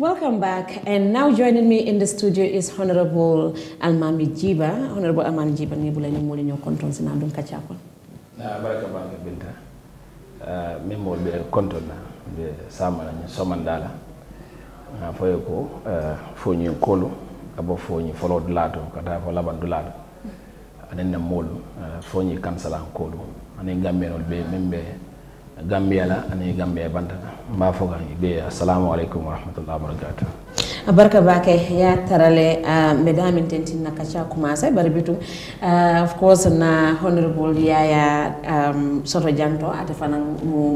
Welcome back. And now joining me in the studio is Honorable Almami Jiba. Honorable Almami Jiba, nebula ni mwole nyo kontrol sina andun kachakwa. Na baraka banga binta. Uh, mimo be konton na be sama na nyosoma ndala. Na foye ko uh, fonyi kolo abo fonyi follow dulato kata fo laban dulato. Anen na molo uh, fonyi kansala kolo. Anen gambe be membe gambia la ani gambia banta mba ni be assalamu aleykum warahmatullahi wabarakatuh barka bake ya tarale uh, mbe tentin na kacha kuma bari bitu uh, of course na honorable yaya um, soto janto ate fanan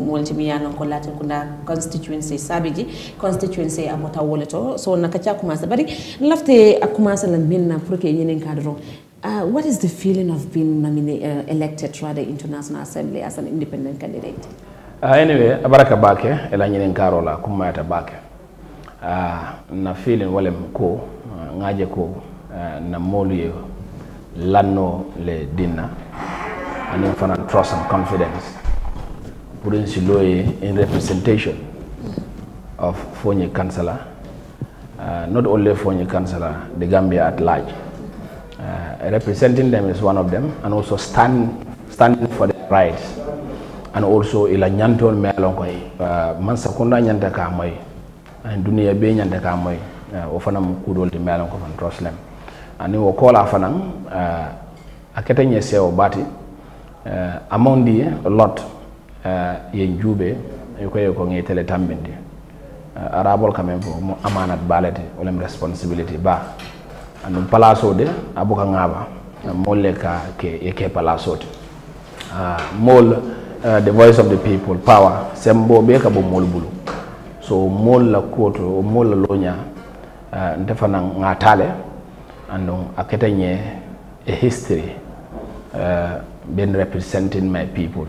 moltimi ya non ko lati kunda constituency sabiji constituency amota woleto so na kacha sai bari lafte kumase la minna pour que yenen cadre Uh, what is the feeling of being nominated, uh, elected to the International Assembly as an independent candidate? uh, anyway abaraka bake ela ñinin nkaro la kumayata bake uh, na feeling wale ko uh, ah, ngaje ko uh, na moolu ye lanno le dinna ani fana trust and confidence pour si loye in representation of foñi kansala uh, not only foñi kansala the gambia at large uh, representing them is one of them and also stand, standing for their rights and also ila ñantol melon koy uh, man sakunda nyanta ka moy an duniya be nyanta ka moy uh, eh, o fanam kudol de melon ko fan roslem ani wo kola fanam eh, eh, a akete ñe sewo bati amondi lot ye njube ko ye ko ngi tele tambindi arabol kame fo mo amanat balete wolem responsibility ba andu palaso de abuka ngaba molle ka ke ye ke palaso de uh, ah, mol uh, the voice of the people power sembo be ka bo mol bulu so mol la koto o mol la lonya uh, ndefa na ngatale andon akete nye a history uh, been representing my people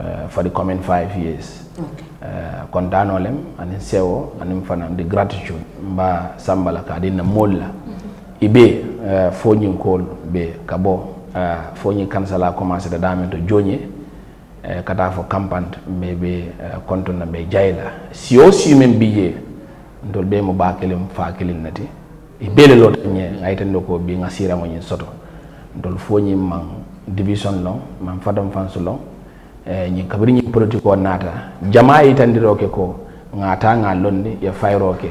uh, for the coming five years okay. uh, kontano lem anin sewo anin mfana the gratitude mba sambala ka dinna mol la mm-hmm. ibe uh, fonyin kol be kabo uh, kansala commencé da damen to jonye ka taa fo kampant mais be konto eh, na mais jayla si o si men biye ndol be mo bakele mo fakele nati e bele lot nye ngayten tan ko bi nga sira mo nyin soto ndol fo nyi man division lo man fadam fansu lo e eh, nyi kabri nyi politiko nata jama itandiro ke ko ngata nga londi ya fayroke ke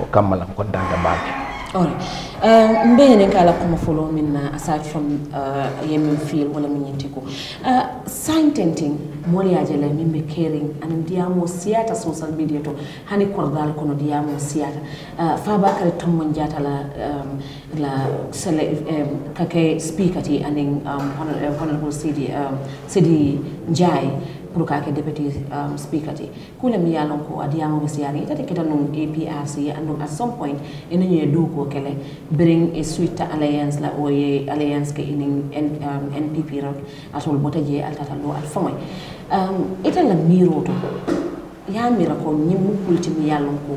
o kamala ko tanga baake All right. Um, uh, mbele nkala kuma follow minna aside from ye uh, yemin feel wala minyitiko. Uh, sign tenting mole ya jela mimbe caring ani diamo siyata social media to hani kordal kono diamo siyata Uh, kari bakare tommon jata la um, la um, kake speaker ti anin um, honorable sidi um, njai ke deputy um, speaker ti kule mi yalon ko adiyango be siyani itati kita nung APRC and at some point in nye do ko kele bring a sweet alliance la o ye alliance ke in um, NPP rot atol bota je al tata lo al fomoy um, ita la mi roto ya mira ko nyi mu kulti mi yalon ko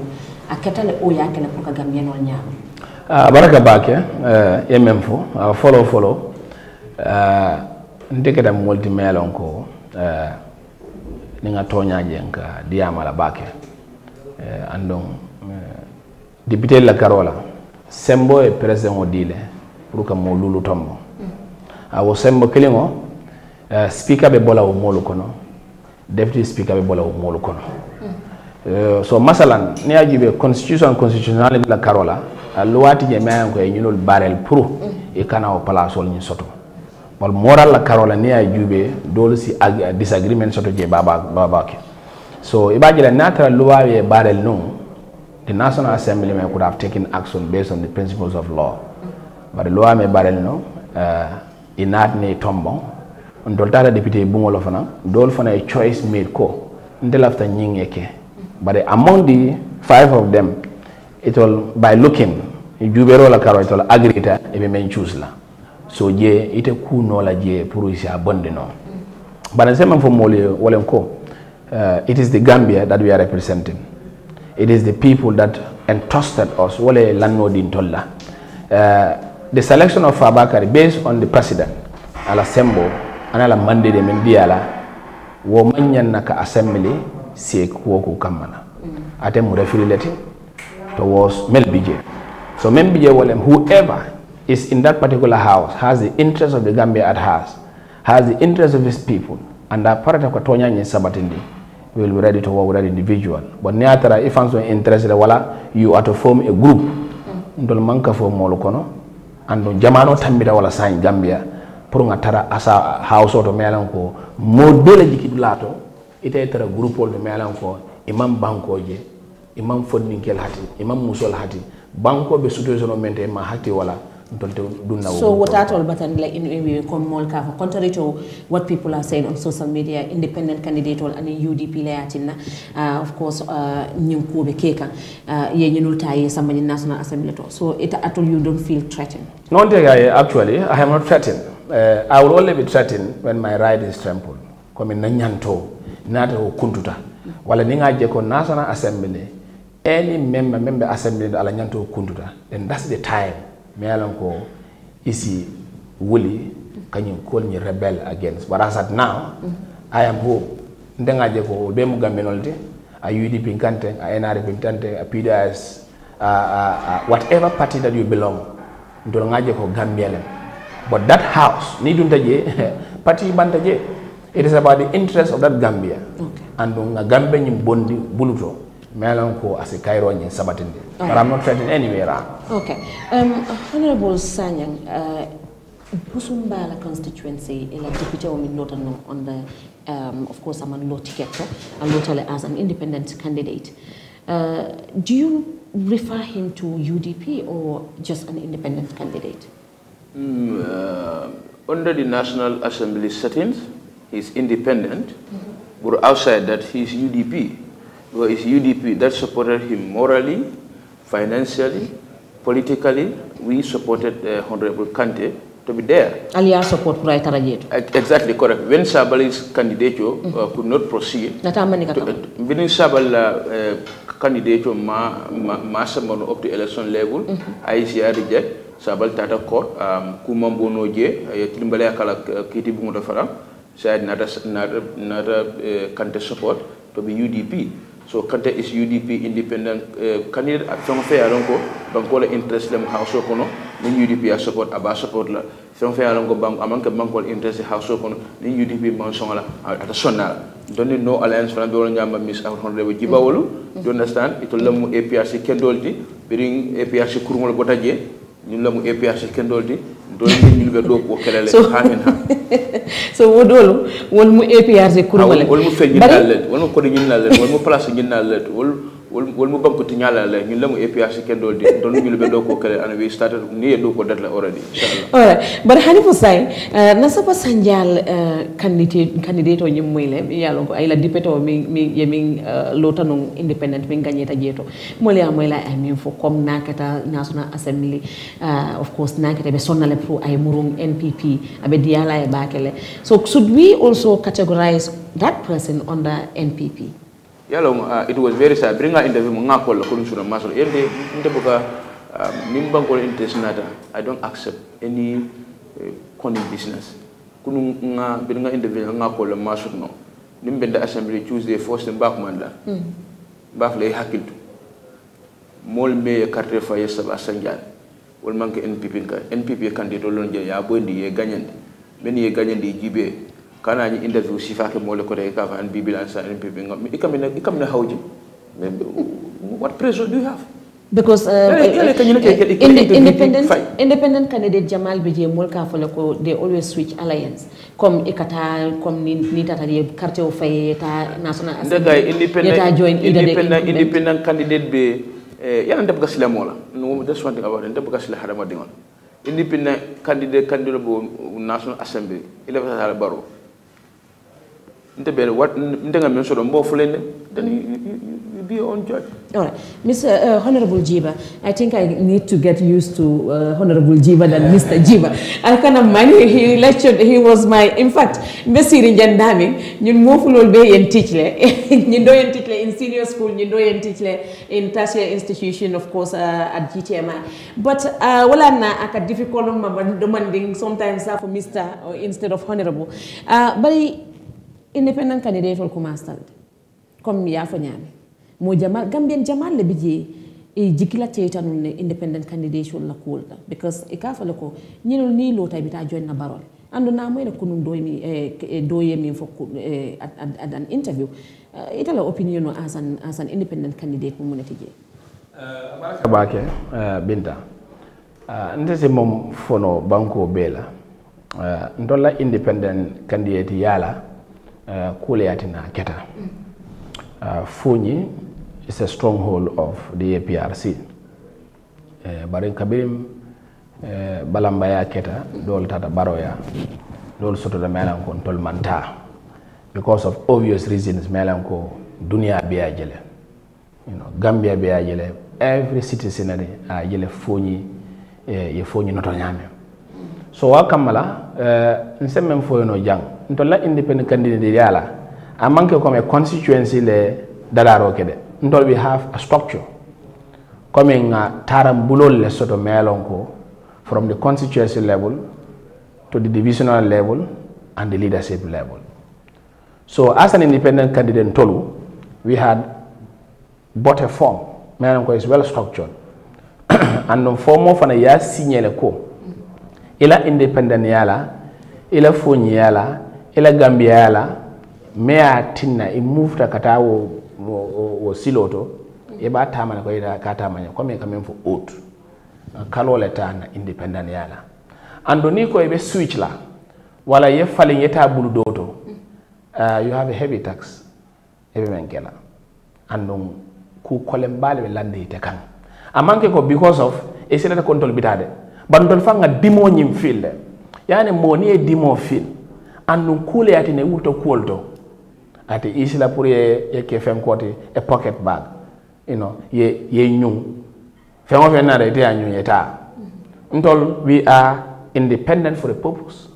aketa le o ya kele pour ka gambienol nyaama uh, baraka bake eh, uh, eh, yemem fo uh, follow follow uh, ah, ndeketa molti melon ko uh, ni nga toñaje nka diyamala bake eh, andon eh, député la carola sembo e président o dile pour que mo lulu tombo awo sembo kilingo eh, speaker be bola o molu kono deputy speaker be bola o molu kono eh, so masalan ni a jibe constitution constitutionnel la karola luwati je mayan ko e ñunol barel pour e kana o place ol ñi soto wal moral la karola ne ya jube dole si disagreement soto je baba baba ke so ibaji la natural law ye barel no the national assembly may could have taken action based on the principles of law but the law may barel no uh, inat ne tombo on doltata député bungolo fana dol fana a choice made ko ndelafta nyinge ke but among the five of them it all by looking jubero la karo it all agree ta eh, e be men choose la so je ite la je pour isa bonde no bana sema fo mole wolen ko uh, it is the gambia that we are representing it is the people that entrusted us wole lanno din tolla uh, the selection of Fabakari based on the president ala sembo anala mandate men diala wo manyan naka assembly se ko ko kamana mm. atem mu refilete to was mel bije so mel bije wolem whoever is in that particular house has the interest of the Gambia at heart, has the interest of his people, and part of Katonya in sabatindi, will be ready to work with that individual. But ni atara if I'm so interested wala, you are to form a group. Mm. Ndol manka form molo kono, ando jamano tambira wala sign Gambia, pour nga tara asa house oto mealan ko, modele jikidulato, ate a group of the Melanco, imam Bankoje, imam fodninkel hati, imam musol hati, banko be situation mente ma hati wala, donte du ndaw so wotatol batan like in way comme mol ka fa contrary to what people are saying on social media independent candidate ol ani UDP la yatinna uh, of course nyin uh, ko be keka uh, ye nyinul taye samani national assembly to so it at all you don't feel threatened no guy actually i am not threatened uh, i will only be threatened when my right is trampled comme na nyanto nata o kuntuta wala ni nga je ko national assembly any member member assembly ala nyanto kuntuta then that's the time melan ko isi e wuli kañum kolñi rebel against but as at now mm -hmm. i am home ndengaje ko be mu gambe nolte a UDP kante a NRP kante a PDS a, a, a whatever party that you belong ndol ngaje ko gambielen but that house ni dun taje party bantaje it is about the interest of that gambia okay. and nga gambe nyim bondi buluto Melanco as a Cairo in Sabatin. But I'm not threatened anywhere. Ah. Okay. Um, Honorable Sanyang, uh, Busumbala constituency, eh, ila deputy wami on the, um, of course, I'm a law ticketer, I'm as an independent candidate. Uh, do you refer him to UDP or just an independent candidate? Mm, uh, under the National Assembly settings, he's independent, mm -hmm. but outside that, he's UDP. or his UDP that supported him morally, financially, politically. We supported uh, Honorable Kante to be there. Aliya support kura itarajeto. Exactly correct. When Sabali's candidate mm -hmm. uh, mm-hmm. could not proceed. Natamani kakama. Uh, when Sabala uh, uh candidate ma ma ma samono up to election level, mm -hmm. ICR reject. Sabal tata court um, kumambo noje tilimbale uh, akala kiti bungo dafara. Said nata nata nata uh, Kante support to be UDP. so kante is udp independent uh, candidate a feŋ fe ye ko loŋ ko la interest lemu ko no ni udp a support a support la feŋ fe ye ko bang a maŋ ke banko la interest ko no ni udp maŋ soŋo la ata sonna la no alliance fana be wolo ñaama miss honorable jiba wolu mm. do understand itol lemu aprc kendol di, biriŋ aprc kuruŋol bota je ñun la mu ñinlomo APRC kendoldi dolɗi yimɓe ɗo ko kelele hamin ha so woɗolo wonmo APRC ah, kurmale wonmo fe ñinnal leɗɗe wonmo koɗe ñinnal leɗɗe wonmo place ñinnal leɗɗe wol wol mu banko ti ñala la ñu lamu APRC ken dol di don ñu lebe do ko kele ana we started ni do ko dat la already inshallah all right but hanifu say eh, na sapa sanjal eh, candidate candidate o ñim moy le yalla ko ay la député mi mi yemi eh, lota non independent mi gagné ta jeto mo le amoy la ay min fo comme nakata national assembly of course nakata be sonale le pro ay murum NPP abe diala e bakele so should we also categorize that person under NPP yalo uh, it was very sad bringa interview mo ngako la kulun sura masul ende inte buka nimban ko intentionata i don't accept any uh, condi business kunu nga bringa interview ngako la masul no nim benda assembly tuesday first back manda mm. back lay hakiltu mol me carte fa yesa ba sanjan wol manke npp ka npp candidat lon je ya bondi ye gagnandi men ye gagnandi jibe كان عندي inda zu sifa ke mole ko re ka van bibil an sa npp ngam ikam ne ikam ne hawji what pressure do you have because uh, independent independent, independent candidate Jamal Bije Mulka Foloko they always switch alliance comme Ikata comme ni ni tata ye carte o faye ta national assembly independent independent independent candidate be eh yana ndab gasla mola no that's one thing about ndab gasla independent candidate candidate bo national assembly ele fa baro wat ndenga men then you, be your own judge all right mr uh, honorable jiba i think i need to get used to uh, honorable jiba than mr jiba i cannot mind he, lectured he was my in fact mbe siri jandami ñun mofulol ɓe yen teachle teacher, ɗo yen teachle in senior school ñin ɗo yen teachle in tertiary institution of course uh, at gtmi but uh, walanna aka difficult ma demanding sometimes uh, for mr uh, instead of honorable uh, but independent candidate for kuma stalde comme yafo ñaami mo jamal gambien jamal le bije e eh, jikila teyta nun ne independent candidate for la kuulta because e ka fala ko ñinol ni loota bita jonna barol andu na moyna ko nun doymi e eh, eh, fo at, at, an interview uh, itala opinion as an, as an independent candidate mo munati je uh, abake binta uh, ndesi mom fono banko bela Ndola independent candidate yala Uh, kule kule atina keta mm. uh, Funyi is a stronghold of the APRC uh, barin kabirim balamba ya keta dole tata ya dole soto da melan kon tol manta because of obvious reasons melan ko dunia biya jele you know Gambia biya jele every citizen a jele Funyi ye Funyi noto nyame so wa kammala uh, nse men fo no jang ntolla independent candidate de yala a manke comme constituency le dadaro kede ntol bi have a structure comme nga taram bulol le soto melon ko from the constituency level to the divisional level and the leadership level so as an independent candidate ntolu we had bought a form melon ko is well structured and no form of an ya signele ko ila independent yala ila fun yala ila gambia yala meya tinna i mufta kata wo, wo, wo e ba ta tamana ko yita ka ta tamaña comme ka men fu out kalo le ta na independentiyala ando ni koye be switch la wala ye falin ta bulu doto uh, you have a heavy tax eɓe men kela andon ku kolem balbe lande te kan amanke ko because of e sinata control bitade bandol fanga dimo nyim fille yani moni e dimo fil andun kule yati ne wuto koldo ati isla pour ye ye ke fen koti e pocket bag you know ye ye nyu fen o na rete te anyu yeta mm-hmm. ntol we are independent for a purpose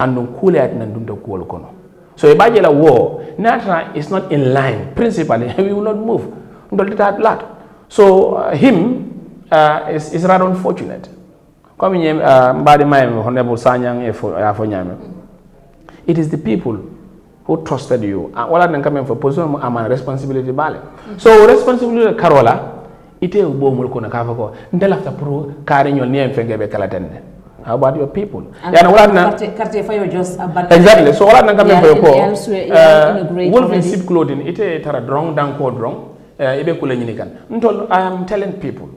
andun kule yati nan to kol kono so e baje la war natra is not in line principally we will not move ntol tat lat so uh, him uh, is, is rather unfortunate comme ñem mbaadi mayam honorable e it is the people who trusted you ah, wala nan kamen fo position mu amana responsibility bale so responsibility karola ite bo mul ko na kafa ko ndelafta pro kare nyol ni en fengebe kala tenne how about your people yana wala na karte fayo just exactly so wala nan kamen fo ko wolf in sheep clothing ite tara drong dan ko drong eh, ibe kula nyini kan ntol i am telling people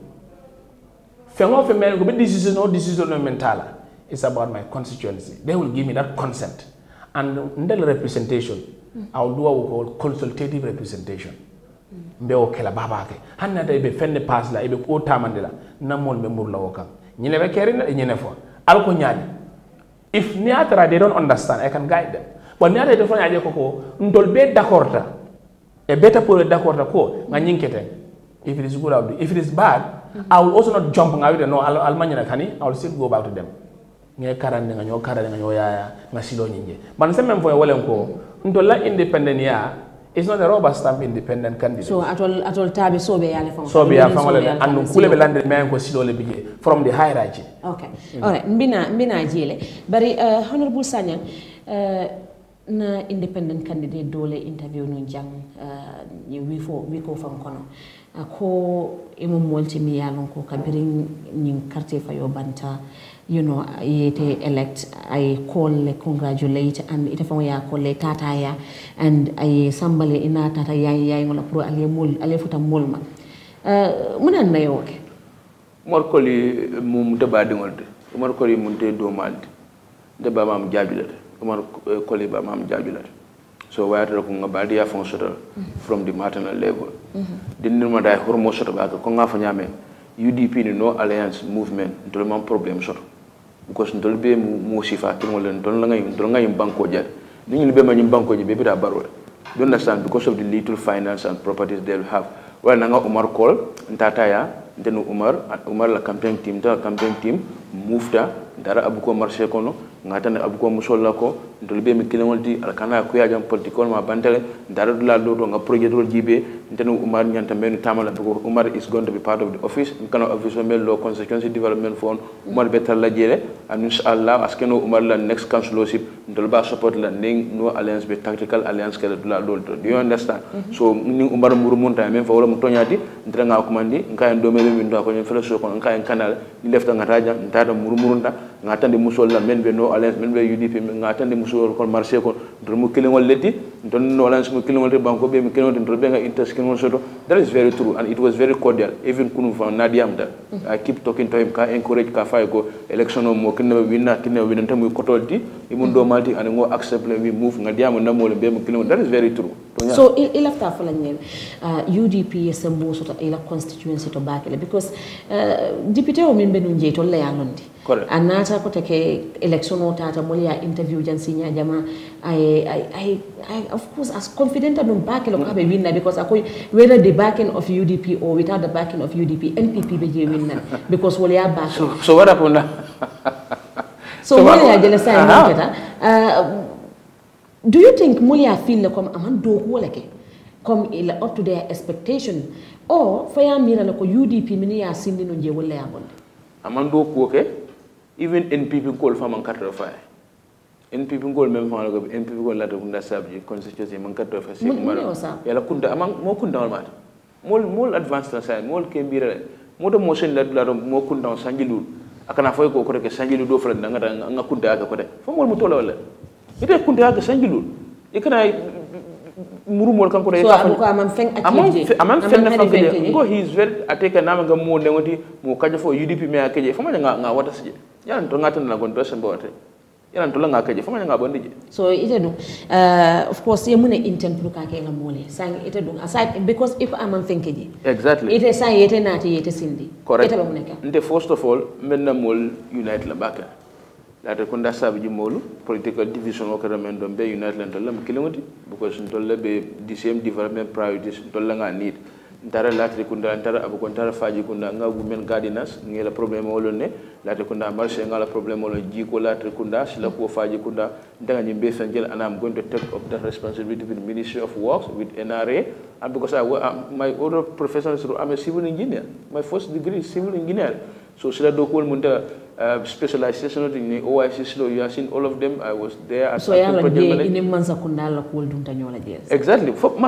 Fenwa female, go this is no this is It's about my constituency. They will give me that consent. And in that representation, I'll do what we call consultative representation. Mbe o kela baba la ibe ko tamandela. Namol be murla da nyine fo. Alko nyali. If niatra they don't understand, I can guide them. But niatra they don't koko ndol be dakorta. E If it is good I'll do. If it is bad, I will also not jump ngawi de no almanya na I will still go back to them nge karande nga nyo karande nga nyo yaya nga silo nyinje ban semme mfoye wole nko ndola independent ya it's not a rubber stamp independent candidate so atol atol tabi sobe yale fam sobe ya fam wala andu kule be lande men ko silo le bije from the hierarchy okay mm. all right mbina mbina jele bari eh, honorable sanya eh, na independent candidate dole interview nun jang uh, wifo wiko fan kono ko imum wolti mi yalon ko kabirin nyin karte fayo banta you know yete elect ay call le congratulate and ita fa ya call le tataya and ay sambale ina tata yayi yayi ngola pro ale mul ale futa mul ma uh, eh, munan na yoke morkoli mum deba dingol de morkoli mun te do malde deba mam jabilade umar eh, koli ba mam jajulat so wayata ko nga badiya fon soto from the maternal level mm-hmm. dindir ma day hormo soto ba ko nga fa nyame UDP ni no alliance movement ndol mam problem soto because ndol be mo sifa tin wala ndol la ngay ndol ngay banko jar ni ñu be ma ñu banko ji be bi da barol understand because of the little finance and properties they have wala nga umar kol ntata ya ndenu umar umar la campaign team da campaign team move ta dara abuko marché kono ngatane abuko musolla ko ndol be mi kilengol di alkana ko ya jam political ma bantale dara dula do do nga projet do jibe ntenu umar nyanta menu tamala ko umar is going to be part of the office kana office mel lo consequence development fund umar betal la jere an inshallah askeno umar la next councilorship ndol ba support la ning no alliance be tactical alliance kala dula do do you understand mhm. so ni umar murumunta men fa wala mu tonyati ndra nga ko mandi nkaen do mel min ko nyen fele so ko nkaen kanal ni lefta ngata jam ntata murumurunta gatande musol la men ɓe no alliance men yudi udp gatande musol kon marché kon mu mo wol leddi ton no alliance mo kilingol leddi banko ɓe mi kilingol ton ɓe nga interest kilingol soto that is very true and it was very cordial even kunu fa nadiam da i keep talking to him ka encourage ka fay go election o mo kinneɓe winna kinneɓe winanta muy kotolti di mun do malti an ngo accept le na move gadiyama namole ɓe mo wol that is very true so i lafta la ñen ah, udp yese soto ila constituency to bakele because ah, député o min ɓe no jeey to leyanonde anata naata ko take élection o tata mol ya interview jan signa jama I, I, I, of course as confident anum bakel ko ɓe winna because akoy whether the backing of udp or without the backing of udp npp be je winna because wol ya back so, so what happened so, so mol ya jele sa keta uh-huh. uh, do you think mol ya feel comme aman do ko lake comme il up to their expectation or faya mira lako udp mini ya sindi no je wol ya bonde aman do ko ke okay? even NPP kol fa man kato fa NPP kol même fa ko NPP kol la to bunda sabji constituency man kato fa si maro yala kunda amang mo kunda ma mol mol advance la sa mol ke bira mo do mo sen la la mo kunda sanjilul akana fo ko ko ke sanjilu do fa nga nga kunda ka ko de fo mol mo tola wala ite kunda ka sanjilul ikana muru mol kan ko day taxal amam feng ak jiji amam feng na fang ko he is very ateka namanga mo ngoti mo kaje fo UDP me akeje fo ma nga nga wata sije yalan to ngatin la gon person bote yalan to la nga kaje fo nga bondi je so ite dum uh, of course ye mune intent lu ka ke la mole sang ite dum aside because if am am think je exactly ite sang yete nati yete sindi correct ite ba ka nte first of all men na mol unite la baka laata ko nda saabu ji moolu political division o kada men ɗon ɓe unite la tolla mo kilimoti because n tolla ɓe the same development priorities n tolla nga need ntara latri kunda ntara abuko ntara faji kunda nga women gardeners ngela problem wolo ne latri kunda marché ngala problem wolo jiko latri kunda sila ko faji kunda ndaga nyimbe sanjel and i'm going to take up that responsibility with ministry of works with nra and because i uh, my other profession is i'm a civil engineer my first degree is civil engineer so sila dokol munta Uh, specialization of the OIC slow you have seen all of them I was there so ya la je ine Mansakunda la ko dum tanyo la exactly fo my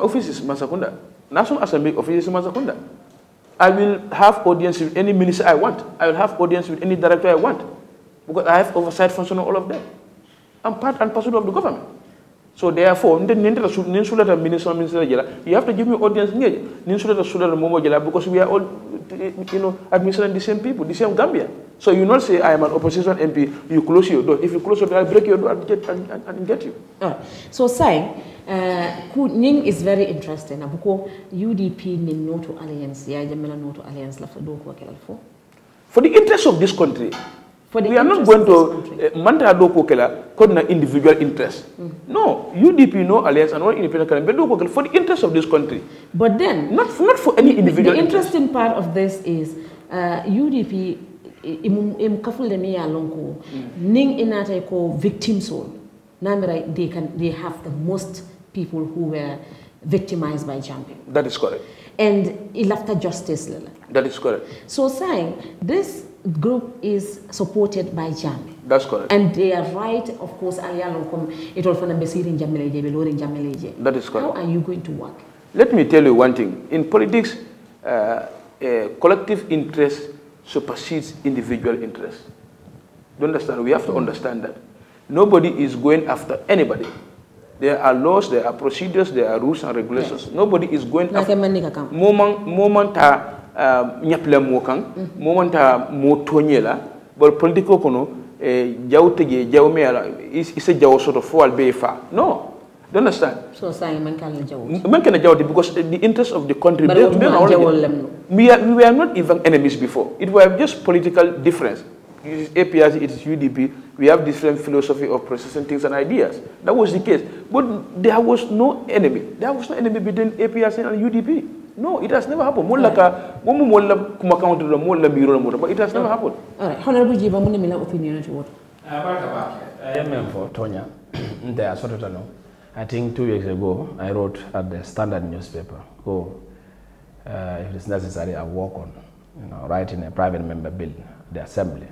office is Mansakunda National Assembly office is Mansakunda I will have audience with any minister I want I will have audience with any director I want because I have oversight function on all of them I'm part and parcel of the government So therefore, ninsulata minister minister jela. You have to give me audience ngej. Ninsulata sulata momo jela because we are all, you know, administering the same people, the same Gambia. So you not say I am an opposition MP. You close your door. If you close your door, I break your door and get and, and get you. Ah. So say, uh, Ning is very interesting. Abuko UDP ni no to alliance. Ya jamela no to alliance la fado For the interest of this country, we are not going to eh, manta do ko kala kodna individual interest mm. no udp no alliance and one independent country do for the interest of this country but then not for, not for any individual the, interesting interest. part of this is uh, udp im kafulde ni ya lonko ning inata ko victims all namira they can they have the most people who were victimized by jumping that is correct and it justice lala that is correct so saying this group is supported by Jam. That's correct. And they are right, of course, it in from That is correct. How are you going to work? Let me tell you one thing. In politics, uh, uh, collective interest supersedes individual interest. Do you understand? We have to understand that. Nobody is going after anybody. There are laws, there are procedures, there are rules and regulations. Yes. Nobody is going after moment, moment uh, uh, ñapla mo kan mm-hmm. momanta mo toñela bor politiko kono eh, e jawtege jawme ala isa jaw soto fo al no do understand so sai man kan jaw man kan jaw because the interest of the country they, they are already, we we were not even enemies before it was just political difference it is APRC, it is UDP, we have different philosophy of processing things and ideas. That was the case. But there was no enemy. There was no enemy between APRC and UDP. No, it has never happened. Mola ka, mumu mola kumakaunti la mola biro la mola, but it has never happened. All right, Honorable Jiba, mune mila opinion at what? Baraka ba. I am for Tonya. Nte asoto tano. I think two weeks ago, I wrote at the Standard newspaper, go, uh, if it's necessary, I work on, you know, writing a private member bill, the assembly,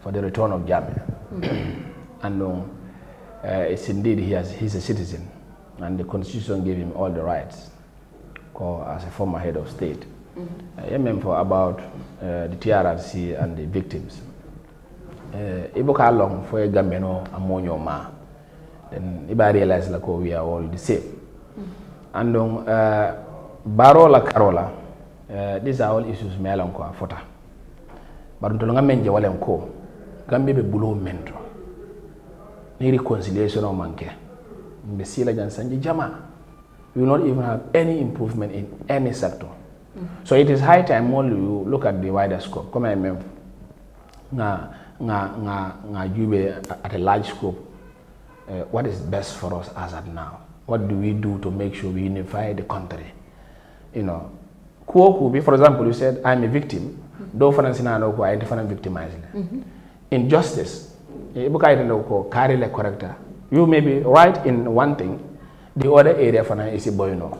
for the return of mm -hmm. and no, uh, uh, it's indeed, he has, he's a citizen, and the constitution gave him all the rights as a former head of state, mm -hmm. uh, for about uh, the TRC and the victims. Eh, Iboka long for a Gambino ammonia ma. Then Iba realized like we are all the same. Mm -hmm. And um, uh, Barola Carola, uh, these are all issues me along alonko afota. Baruntolonga menje wale mko. gambi be bulu mento. Ni reconciliation o manke. Mbe Mbesila jansanje jamaa you will not even have any improvement in any sector. Mm -hmm. So it is high time only you look at the wider scope. Come MMF nga, nga, nga, nga be at a large scope. Uh, what is best for us as at now? What do we do to make sure we unify the country? You know, Kuokubi, for example, you said, I'm a victim. Mm-hmm. Though Francina Anoku, I different victimized. Mm-hmm. Injustice, eh, you may be right in one thing, the other area for now is Boyno.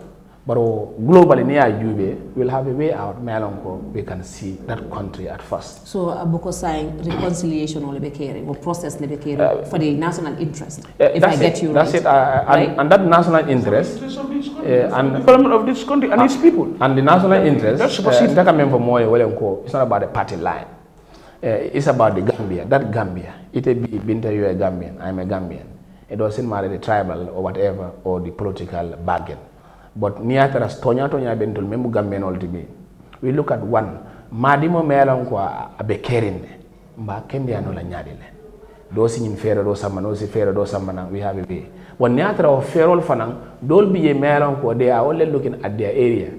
But oh, globally, near Jube, we'll have a way out. Malongo, we can see that country at first. So, Abuko uh, saying reconciliation will be carried, or process will be carried uh, for the national interest. Uh, if I get it, you that's right. That's it. Uh, right? And, that national interest. So, and the development of this country and uh, its people. And the national interest. That's what uh, Moyo, It's not about the party line. Uh, it's about the Gambia. That Gambia. It be Binta, you a Gambian. I'm a Gambian It doesn't matter the tribal or whatever or the political bargain. But niatara stonya tonya bentul memu gamben ultibi. We look at one. Madimo a bekerin abekerinde. Mba kembe anola nyadile. Dosi nyin fere do samana, dosi fere do samana, we have a way. When niatara of ferol fanang, dol biye melon kwa they are only looking at their area.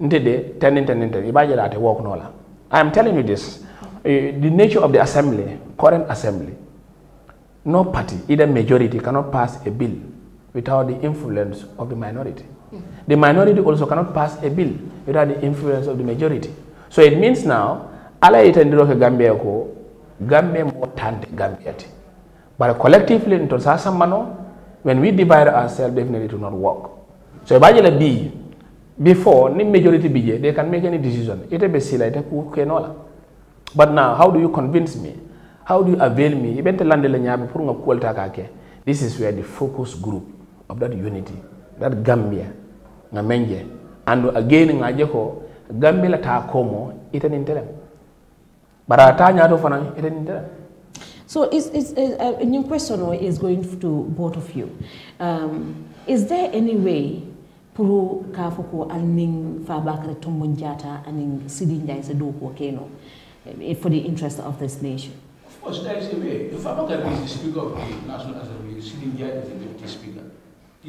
Ntede, tendin ten tendin, ibajala ate walk nola. I am telling you this. Uh, the nature of the assembly, current assembly, no party, either majority, cannot pass a bill without the influence of the minority. Hmm. The minority also cannot pass a bill without the influence of the majority. So it means now, ala itendiro Gambia ko, Gambia mo tante Gambia ti. But collectively, into sasamano, when we divide ourselves, definitely it will not work. So ibajele B, before, ni majority BJ, they can make any decision. Ite besila, ite kukenola. But now, how do you convince me? How do you avail me? Ibente lande le nyabe pour nga kualta kake. This is where the focus group of that unity, that Gambia, nga menje. And again nga jeko, Gambia la taakomo ita nintelem. Bara ta nyato fana ita nintelem. So is is uh, a new question is going to both of you. Um, is there any way pour ka fo ko fa bakare tombon jata aning sidi ndjay se do ko keno eh, for the interest of this nation speaker of the National Assembly, deputy speaker.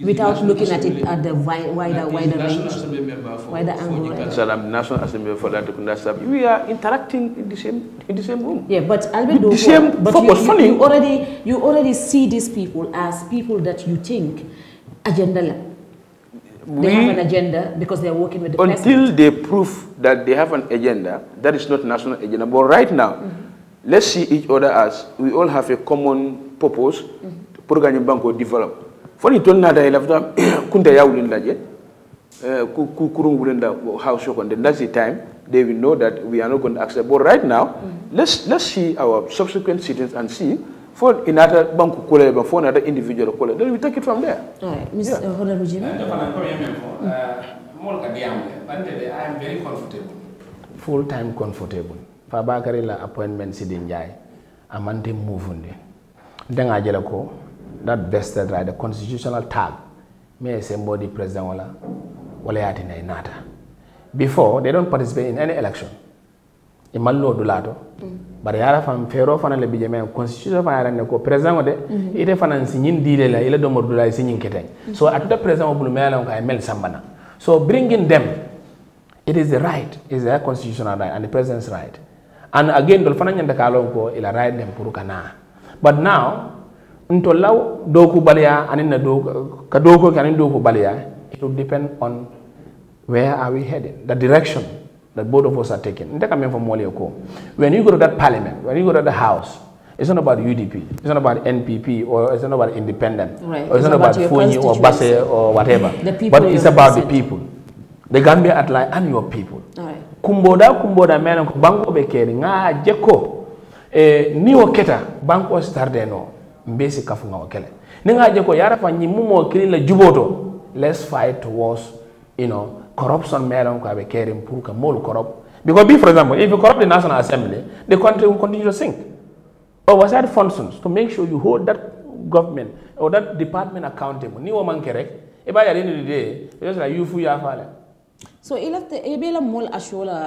Without looking at it at the wider, wider, wider range. wider angle, National Assembly for Kundasab. We are interacting in the same in the same room. Yeah, but Albedo, the same but focus, you, you already you already see these people as people that you think agenda they have an agenda because they are working with the until president. they prove that they have an agenda that is not national agenda but right now mm -hmm let's see each other as we all have a common purpose pour bank banko develop For foni ton nada I lafta kunta yawlin laje eh, ku kurun wulen da how so kon that's the time they will know that we are not going to accept but right now mm -hmm. let's let's see our subsequent citizens and see for another bank kule for another individual kule then we take it from there all right miss yeah. uh, uh, uh, uh i am very comfortable full time comfortable fabakari la appointment sidin njay amante mufunde denga jela ko that vested right the constitutional tag me sembo di president wala wala yati nay nata before they don't participate in any election e mallo dulato mm. bari yara fam fero fana le bijeme constitution fana yara ne ko president de mhm. ite fana si nyin dile la ile do mor dulay si nyin keten mm -hmm. so president bulu mela ko mel sambana so bringing them it is the right is their constitutional right and the president's right and again dol fana nyanta kalon ko ila ride dem pour kana but now nto law doku baliya anin na doku ka doku ka do? doku baliya it will depend on where are we heading the direction that both of us are taking nta kamen from wali ko when you go to that parliament when you go to the house it's not about UDP, it's not about NPP, or it's not about independent, right. or it's, it's not about, about or Basse or whatever. but it's about the people, the Gambia at large, and your people. kumboda kumboda mena ko banko be keede nga jeko e ni o keta banque o si tarde no mbesi kafuga nga kele ni ga jekko yara fa kire la juboto les fight towards you know corruption mena ko be kere pour que mol corrupt because be for example if you corrupt the national assembly the country will continue to sink or oh, was that functions to make sure you hold that government or that department accountable ni wo man kere e ba ɓa ni de just like you fu ya fala so i lafta i e be la moolu asio la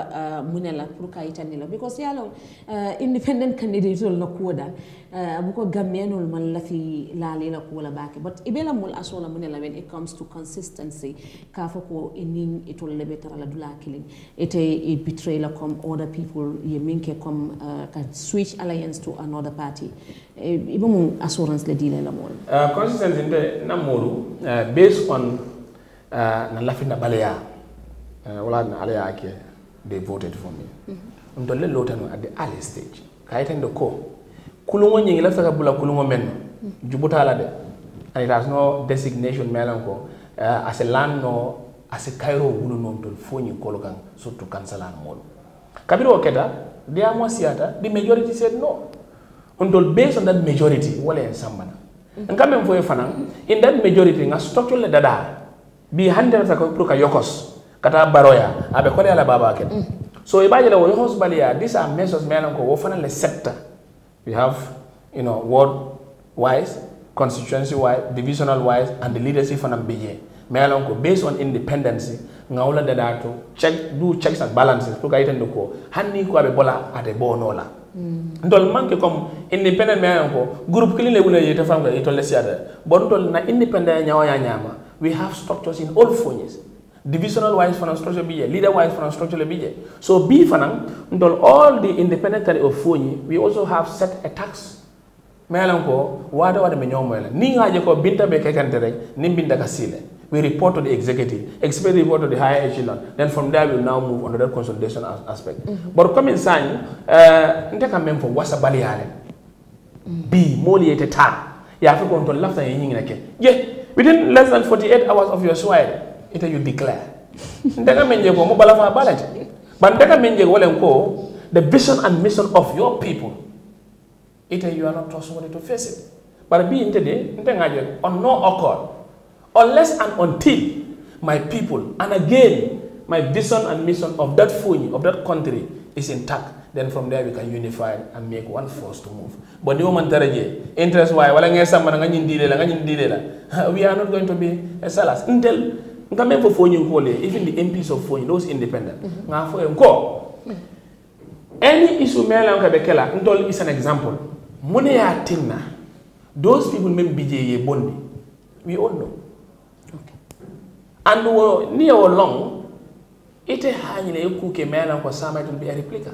uh, mune la pour ka yitandi la because ye loŋ uh, independent candidateol la kuwo daal uh, buko gammeyanol man lafi laali la kuwo la baake but i e be la moolu asio la mune la when it comes to consistency ka fo ko i e niŋ itolu le be tara la dulaa kiliŋ ite i betray la comme other people ye miŋ ke comme uh, ka switch alliance to another party i be mu assurance le dii la la moolu consistency nte na moolu uh, based on uh, na lafi na baleyaa Eh, wala ala ya ke they voted for me mm-hmm. ndolle lotano at the early stage kayitande ko kulungo ñingi lafta ka bula kulungo men mm-hmm. jubuta la de and it has no designation melan ko uh, eh, ase lan no ase kayro wulu non tol foñi kolo kan surtout kansalan mol kabiro keta they are siata the majority said no undol based on that majority wala en sambana mm -hmm. ngamem foye fana in that majority nga structure le dada bi handel ta ko pour ka yokos kata baroya abe kole ala baba ken mm. so ibaje la hos balia these are measures melan ko wofana le sector we have you know ward wise constituency wise divisional wise and the leadership fanan bije melan ko based on independency ngawla da dato check do checks and balances pour ka itende ko hanni ko abe bola ade bonola mm. manke comme independent melan ko groupe kili le wona yete fam ga itol le bon na independent nyawaya nyama we have structures in all phones divisional wise fana structure bije leader wise fana structure bije so b fana until all the independently of fonyi we also have set attacks melan ko what wada menyo mela ni ngaje ko binta be kekante rek ni binta kasile we report to the executive expect the report to the higher echelon then from there we will now move on to that consolidation as aspect mm -hmm. but comme insani euh ndeka même for wasa baliale mm -hmm. b moliete ta ya fi kon ton lafta yin ngene ke je within less than 48 hours of your swire it you declare ndega menje ko mo bala fa balaje ban ndega menje ko the vision and mission of your people ite you are not trustworthy to face it but be inte de inte ngaje on no accord unless and until my people and again my vision and mission of that phone of that country is intact then from there we can unify and make one force to move. But the woman taraje, interest why, wala ngay nga ñindile la, nga ñindile la. We are not going to be a sellers until nga même fo foñi ko even the MPs of foñi those independent mhm. mm -hmm. nga fo ko any issue mela ka be ndol is an example mune ya tinna those people même bije ye bondi we all know okay. and wo ni o long ite hañile ku ke mela ko sama to be a replica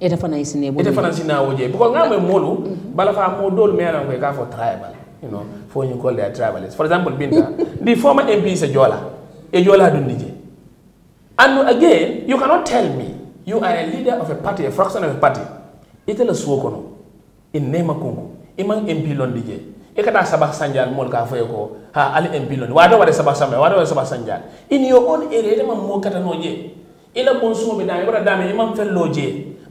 ite fana isine bo ite fana sina woje because nga me mm-hmm. molu mm-hmm. bala fa mo dol mela ko ka fo tribal you know foñi ko le tribal for example binta the former MP is a jola and again, you cannot tell me you are a leader of a party, a fraction of a party. Itela suokono. In nema kungu. Imang MP londi Eka Ikata sabah sanjal mol ka ko ha ali MP londi. Wado wade sabah sanjal. Wado wade sabah sanjal. In your own area, ite mam mokata no Ila bonsu be dame. Ibra dami imam fello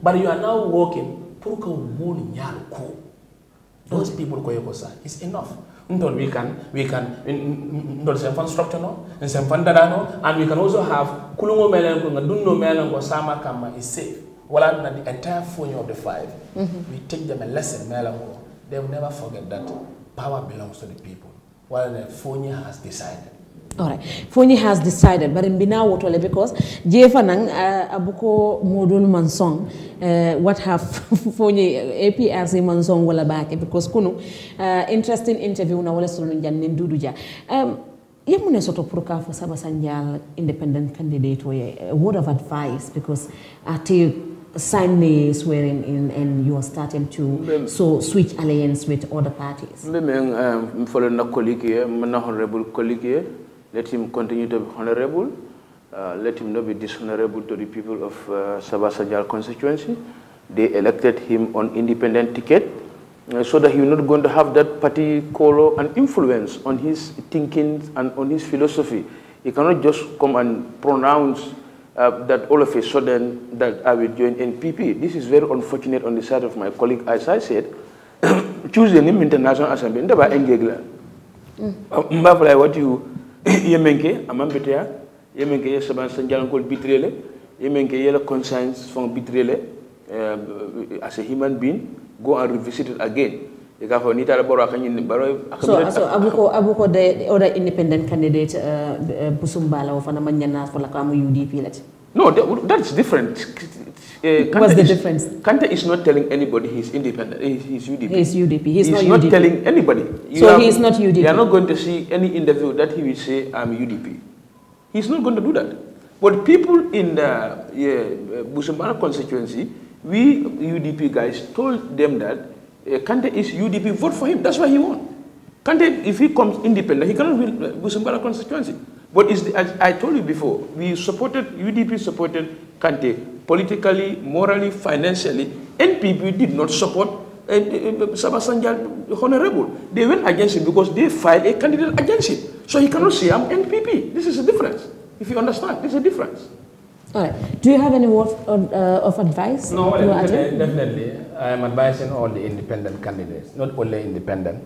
But you are now working. Puruka umuli nyalo ko. Those people ko yoko sa. It's enough we can we can in dol fan structure no in fan dada no and we can also have kulungo melen ko dunno melen ko sama kama is safe wala na the entire phone of the five mm -hmm. we take them a lesson melen ko they will never forget that power belongs to the people while the phone has decided alright foni has decided but mbina wotole because jefa nang uh, abuko modul mansong uh, what have Fonyi APRC mansong wala baake because kunu uh, interesting interview na wala solo njanne nduduja um, yemu ne soto puruka fo saba sanjal independent candidate we a uh, word of advice because sign Sunday swearing in and you are starting to so switch alliance with other parties. Mbe meng um, mfolo na koliki mna honorable koliki Let him continue to be honorable. Uh, let him not be dishonorable to the people of uh, Sabasajal constituency. They elected him on independent ticket uh, so that he's not going to have that party color and influence on his thinking and on his philosophy. He cannot just come and pronounce uh, that all of a sudden that I will join NPP. This is very unfortunate on the side of my colleague, as I said. Choose the name International Assembly. Ndaba Engegla. Mm. Uh, Mbafalai, what you yemenke amambeteya ah, yemenke ye saban san jalankol bitrele yemenke yela conscience fon bitrele uh, as a human being go and revisit it again ikafo ni tala boro akanyin baro so so abuko abuko de oda independent candidate euh, uh, busumbala ofana manyana fola kamu UDP lati no that's different uh, What's the is, difference? Kante is not telling anybody he's independent. Eh, he's, he's UDP. He's UDP. He's, he's not, not UDP. telling anybody. You so he's not UDP. You are not going to see any interview that he will say, I'm UDP. He's not going to do that. But people in the uh, Busumbana constituency, we UDP guys told them that uh, Kante is UDP, vote for him. That's why he won. Kante, if he comes independent, he cannot win Busumbana constituency. But the, as I told you before, we supported, UDP supported Kante politically, morally, financially, NPP did not support uh, eh, eh, eh, Sabasanjan Honorable. They went against him because they filed a candidate against him. So he cannot say I'm NPP. This is a difference. If you understand, this is a difference. All right. Do you have any words of, uh, of advice? No, definitely, I am advising all the independent candidates, not only independent,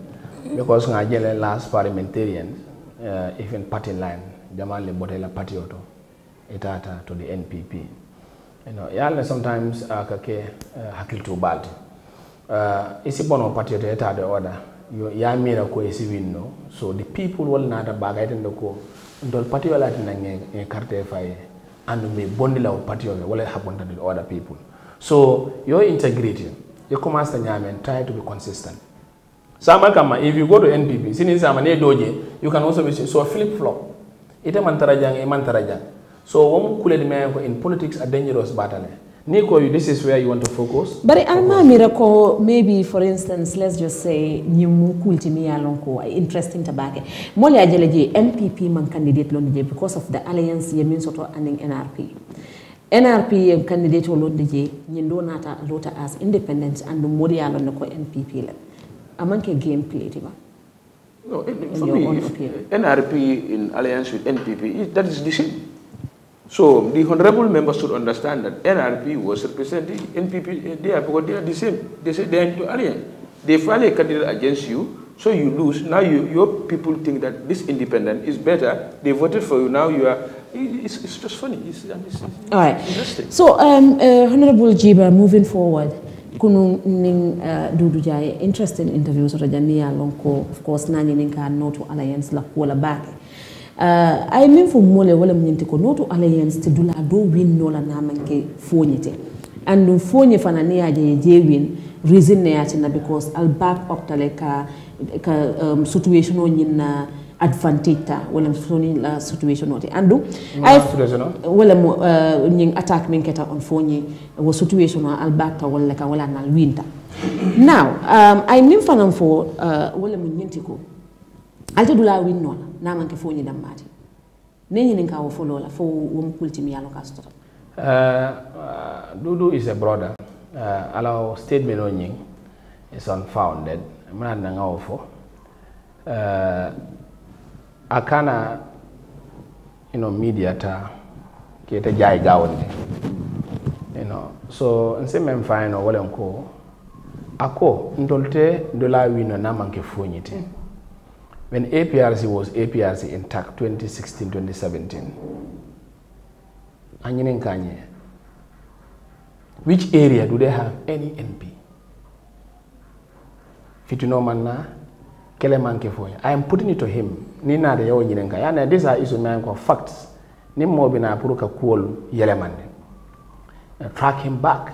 because Ngajele last parliamentarian, uh, even party line, Jamal Lebotela Patioto, Etata to the NPP. you know, yaal sometimes uh, ka ke uh, hakkiltu baalde uh, isi bono pati yote état de oda yo mira ko isi siwinno so the people wol naata bagaytende ko ndol patio laati nange e carte faye andu la bondilaw yote wale wala haɓontade oda people so yo integrity yo commence ta ñamen try to be consistent samal kamma if you go to npp sini sama ne doje you can also be so flip flop ite man tara jang e man jang So one kule in politics are dangerous battle. Nico, this is where you want to focus. But almamirako, maybe for instance, let's just say nyimukul timialonko interesting tabake. Mole ajeleje MPP man candidate lonje because of the alliance yemin soto and NRP. NRP candidate lonje nyindo nata lota as independent and mori alonko MPP le. Amanke game play tiba. No, it, for me, NRP in alliance with NPP, that is the same. So the honorable members should understand that NRP was representing NPP eh, there because they are the same. They say they are into alien. They file a candidate against you, so you lose. Now you, your people think that this independent is better. They voted for you. Now you are. It's, it's just funny. It's, it's, All right. So, um, uh, Honorable Jiba, moving forward. kunu ning uh, dudu jaye interesting interview soto jamia lonko of course nani ninka to alliance la kuola bake a uh, ye min fo mole wala mu ñinti ko noto alliance te dula do win no la na manke foñite andu foñe fana ne ya je je win reason ne ya na because al back up tale ka uh, ka um, situation o na advantage ta wala soni la situation ote andu ay wala mo uh, attack min keta on foñi wo situation al back ta wala ka wala nal ta now um, ay min fanan fo uh, wala mu ñinti ko alta dula win no la namanke fo ñinan maati ne ñininka wo fo la fo wom kultimi yaalo ka sotota uh, uh, dudu is a brother uh, alaw statement o ñing is unfounded manaat nanga wo fo uh, a you know, media ta kete jaay gawonde you know, so nse men fayino wolen ko ako ndolte ndola wino namanke foñite mm when APRC was APRC intact 2016 2017 which area do they have any MP fitino manna kele manke i am putting it to him ni na da yawo yana these are issue man facts ni mo bina pour ka kuol yelemande uh, track him back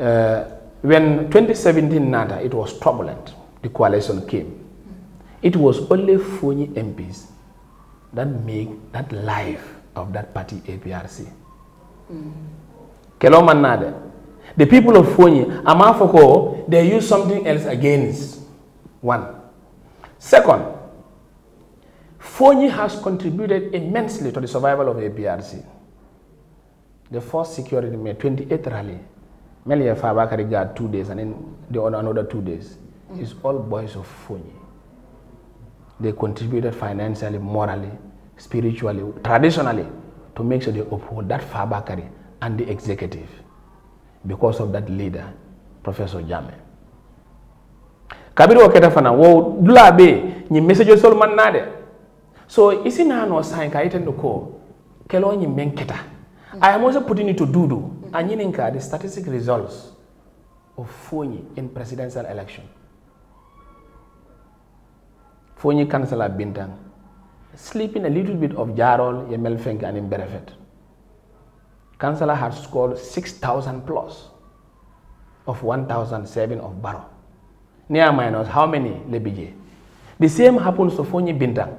uh, when 2017 nada, it was turbulent the coalition came It was only Foni MPs that make that life of that party APRC. Mm. Keloman Nade. The people of Fonyi, Amafoko, they use something else against one. Second, Fonyi has contributed immensely to the survival of APRC. The first security may 28 rally. Melia Fabakari got two days and then the other another two days. Mm. It's all boys of Foni they contributed financially, morally, spiritually, traditionally, to make sure they uphold that Fabakari and the executive because of that leader, Professor Jame. Kabiru waketa fana, wo dula be, ni message yosol man nade. So, isi na ano sign ka itendo ko, kelo ni menketa. I am also putting it to dudu, and Anyini the statistic results of Fonyi in presidential election fonyi kansala bintang sleeping a little bit of jarol ye melfenk and in benefit kansala had scored 6000 plus of 1007 of baro near minus how many lebeje? the same happens to fonyi bintang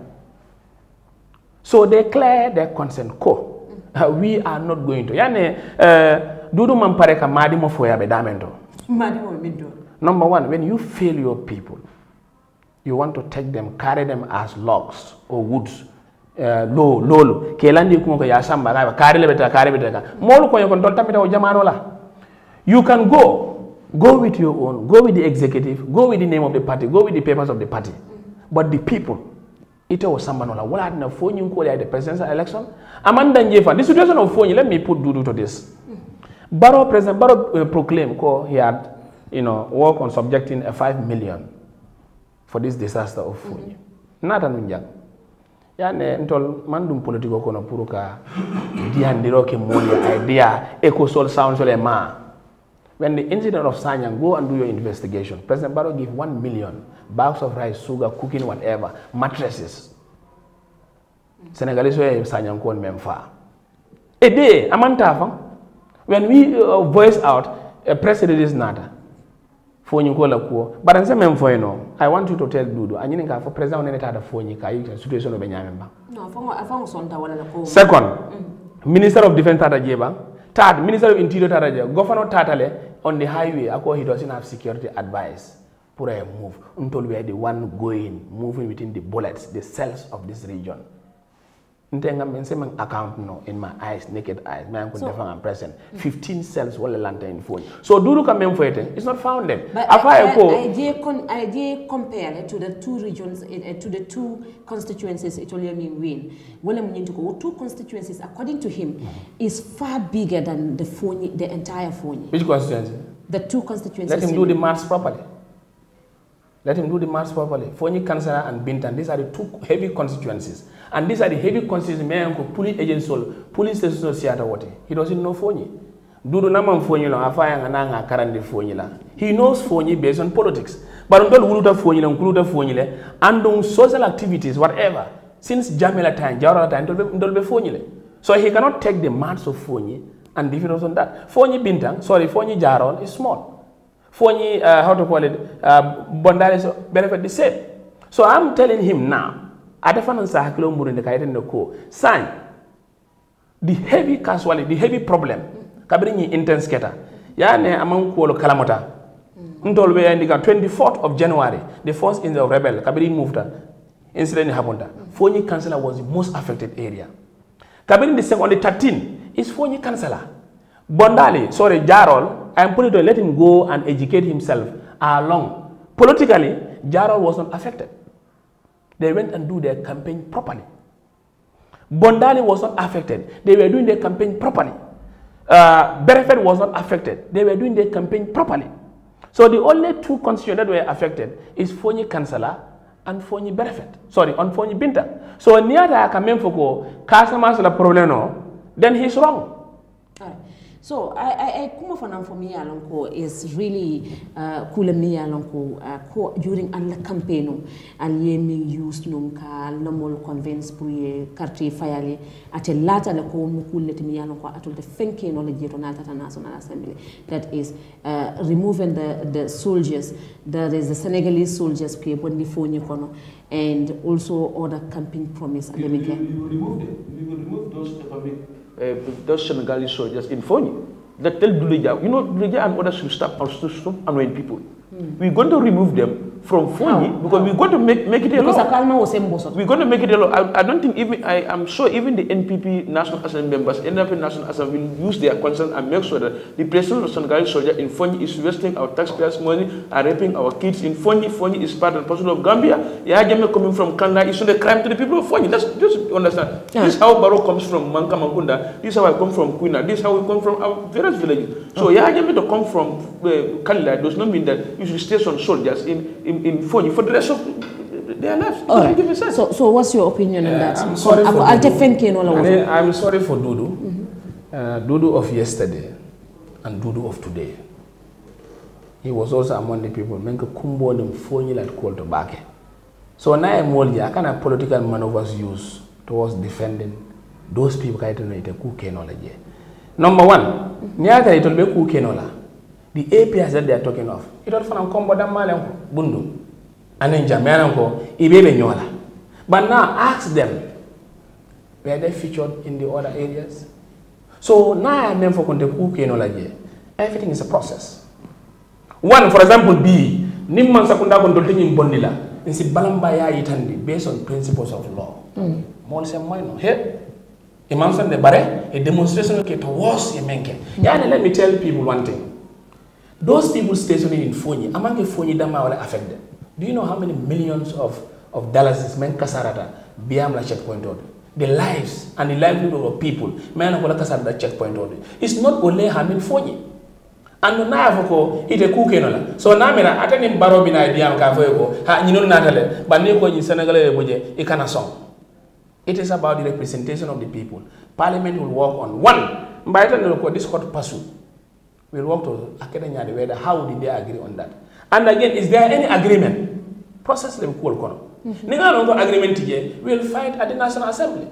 so they clear their consent ko uh, we are not going to yani uh, dudu mampare ka madi mo foya be damento madi mo minto number 1 when you fail your people you want to take them, carry them as logs or woods. Uh, low lolu kelandi kuma ya samba ga carry le beta kare beta ka yokon dolta meta o jamano la you can go go with your own go with the executive go with the name of the party go with the papers of the party but the people ito o samba no la wala na fonyi ko the presidential election amanda njefa the situation of phone, let me put dudu to this baro president baro uh, proclaim ko he had you know work on subjecting a 5 million for this disaster of Fuñi mm-hmm. naatan min jang Yane, ntol man ɗum politique kono pour ka diyandiro ke mooli idea écosol sound sole ma when the incident of Sanyang, go and do your investigation. President Barrow give one million bags of rice, sugar, cooking, whatever, mattresses. Mm-hmm. Senegalese way Sanyang kon memfa. A e day, amantafa. When we uh, voice out, a uh, president is nada foñi la kuo bara nse men foy no i want you to tell dudu anyini ka fo president ne ta da fonyi ka yi situation no benyame ba no fo fo son ta wala ko second mm. minister of defense ta da jeba third minister of interior ta da je governor ta le on the highway ako hito sin have security advice pour a move until we are the one going moving within the bullets the cells of this region ntenga mensema account no in my eyes naked eyes man kun so, am present mm. 15 cells wala lanta in phone so duru ka mem foyete it's not found them afa e ko i dey con i did compare to the two regions eh, eh, to the two constituencies it only me win wala munyinto two constituencies according to him mm-hmm. is far bigger than the phone the entire phone which constituency the two constituencies let him do the maths properly let him do the maths properly. Fonyi, Kansara, and Bintan. These are the two heavy constituencies. And these are the heavy constituencies. Mayor ko police agents all, police station all siata wote. He doesn't know Fonyi. Dudu naman Fonyi la, afaya nga nga karandi Fonyi la. He knows Fonyi based on politics. But until wuluta Fonyi la, unkuluta Fonyi la, and on social activities, whatever. Since Jamila time, Jawara time, ndolbe Fonyi la. So he cannot take the maths of Fonyi and defeat us on that. Fonyi Bintan, sorry, Fonyi Jaron is small. Fonyi, uh, how to call it, uh, Bondale, Bondales benefit the same. So I'm telling him now, Adafan Sahaklo Murinde Kaiten Noko, sign the heavy casualty, the heavy problem, Kabrini intense keta. Yane among Kuolo kalamota. Mm. Ntolwe Ndika, 24th of January, the first in the rebel, Kabiri moved. Incident happened. Mm. Fonyi Councillor was the most affected area. Kabiri the same on the 13th is Fonyi Councillor. Bondale, sorry, Jarol, I'm putting to let him go and educate himself along. Politically, Jarrell was not affected. They went and do their campaign properly. Bondali was not affected. They were doing their campaign properly. Uh, Berefet was not affected. They were doing their campaign properly. So the only two constituents that were affected is Fonyi Kansala and Fonyi Berefet. Sorry, on Fonyi Binta. So Niata Kamemfoko, customers' problem, Probleno, then he's wrong. So I, I, I kuma fanan for me alonko is really uh, kula me alonko uh, during an la campaign an ye me use non ka la mol convince pour ye quartier fayale at lata la ko mu kulle me alonko at the fenke no la jeto na tata national assembly that is uh, removing the the soldiers that is the Senegalese soldiers ke bondi foni kono and also other campaign promise you, you, you, you removed it. you removed those economic Eh, those Senegalese soldiers in Fonyi that tell Duleja, you know, Duleja and others will stop, and stop annoying people. Mm. We're going to remove them from Foni no, because no. we're going to make, make it a because law. We're going to make it a law. I, I don't think even I am sure even the NPP National Assembly members, NPP National Assembly will use their concern and make sure that the president of Senegalese soldier in Foni is wasting our taxpayers' money and raping our kids in Foni. Foni is part and parcel of Gambia. Yajame coming from Canada is not a crime to the people of Foni. That's just understand. Yeah. This is how Baro comes from Manka Makunda. This is how I come from Quina. This is how we come from our various villages. So okay. Yajame to come from uh, Canada does not mean that you should station soldiers in, in in, in you for the rest of their lives. All right. give So, so what's your opinion uh, on that? I'm sorry I'm, for Dudu. I'm sorry for Dudu. Mm -hmm. uh, Dudu of yesterday and Dudu of today. He was also among the people. Menka kumbo dem phone you la to back. So now I'm naye mwolja, akana political maneuvers used towards defending those people I don't know kaitano ite kukenola je. Number one, mm-hmm. niyata itolbe kukenola. the APIs that they are talking of, ito fana kombo damalen ko bundu in jamelen ko ibebe nyola. But now ask them, were they featured in the other areas? So now I mean for contemporary everything is a process. One, for example, B, nimman sakunda kon dolti nyim bondila, insi balamba ya itandi based on principles of law. Hmm. Mon se moyno he imam de bare a demonstration ke towards yemenke. Hmm. Yani let me tell people one thing. Those people stationed in Fonyi, among Fonyi Dama were affected. Do you know how many millions of, of dollars is men kasarata biamla checkpoint order? The lives and the livelihood of people, men of kasarata checkpoint order. It's not only Hamil Fonyi. ando na fo ko ite ku to la so na mira atani baro bina diam ka fo ko ha nyino na tale banne ko nyi senegalais boje e kana song it is about the representation of the people parliament will work on one the ko this court pursuit will work to akadanya nyaade weda How did they agree on that? And again, is there any agreement? Process them cool kono. Mhm. Ninga longo agreement ye will fight at the National Assembly.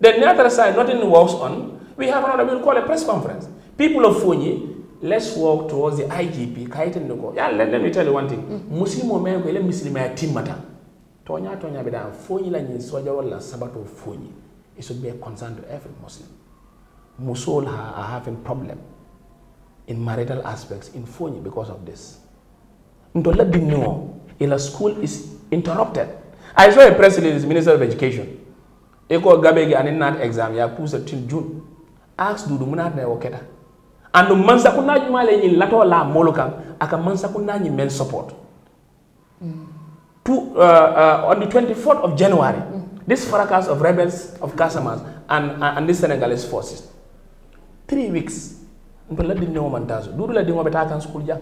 Then the other side, nothing works on. We have another, we'll call a press conference. People of fonyi let's work towards the IGP. Kaitin nuko. Yeah, let, let me tell you one thing. Mm. musimo me ko ile muslima ya timata. Tonya tonya beda fonyi la soja wala sabato fonyi It should be a concern to every Muslim. Musul are having problem. in marital aspects in Fonyi because of this. Ndola Bino, ila school is interrupted. I saw a press release, Minister of Education. Eko Gabegi and not exam, ya pusa till June. Ask Dudu Munat na Oketa. And mansa kuna jumale nyin lato la molokam, aka mansa kuna nyin men support. To, uh, uh, on the 24th of January, this fracas of rebels of Kasamas and, uh, and the Senegalese forces. Three weeks mpela ɗum to laddinnowo man la di laddingoɓe ta kan school jang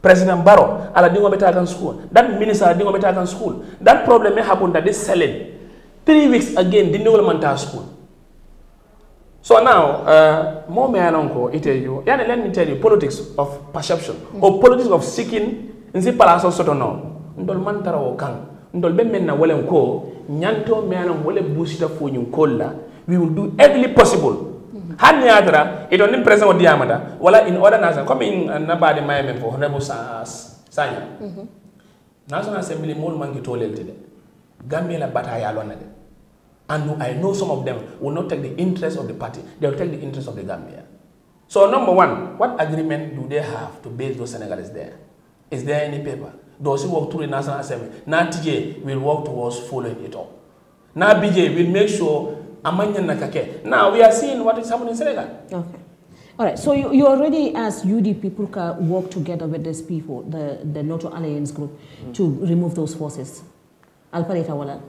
president baro ala di ɗingoɓe ta kan school that minister di ɗingoɓe ta kan school that probléme e hakkunta de selen three weeks again dindigol man ta school So now, uh, more may anonko ite you. Yani let me tell you, politics of perception mm. or politics of seeking. Nzi palaso soto no. Ndol mantara wakang. Ndol be mena wale mko. Nyanto me anon wale busita fo nyunkola. We will do everything possible han yadra it only present odi amada wala in other nations, coming in uh, nabade may men for honorable sanya mm-hmm. national assembly mol man ki tolel de gambia la bataya lon de and i know some of them will not take the interest of the party they will take the interest of the gambia so number one what agreement do they have to base those senegalese there is there any paper does he work through the national assembly now tj will work towards following it up now bj will make sure now we are seeing what is happening in Senegal. Okay. All right, so you, you already, as UDP, PURCA, work together with these people, the, the NATO Alliance group, mm. to remove those forces. Alpareta Wala.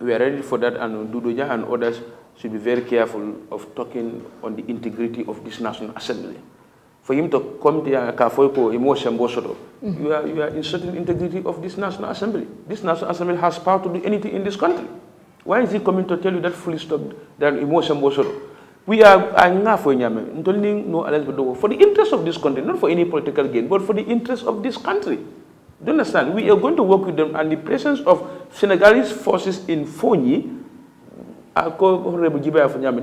We are ready for that, and Duduja and others should be very careful of talking on the integrity of this National Assembly. For him to come there, Kafoiko, Himoshambosoto, mm-hmm. you are insulting integrity of this National Assembly. This National Assembly has power to do anything in this country. Why is he coming to tell you that fully stop that emotion bosoro? We are angafo nyame. no For the interest of this country, not for any political gain, but for the interest of this country. Do you understand? We are going to work with them, and the presence of Senegalese forces in Fonyi,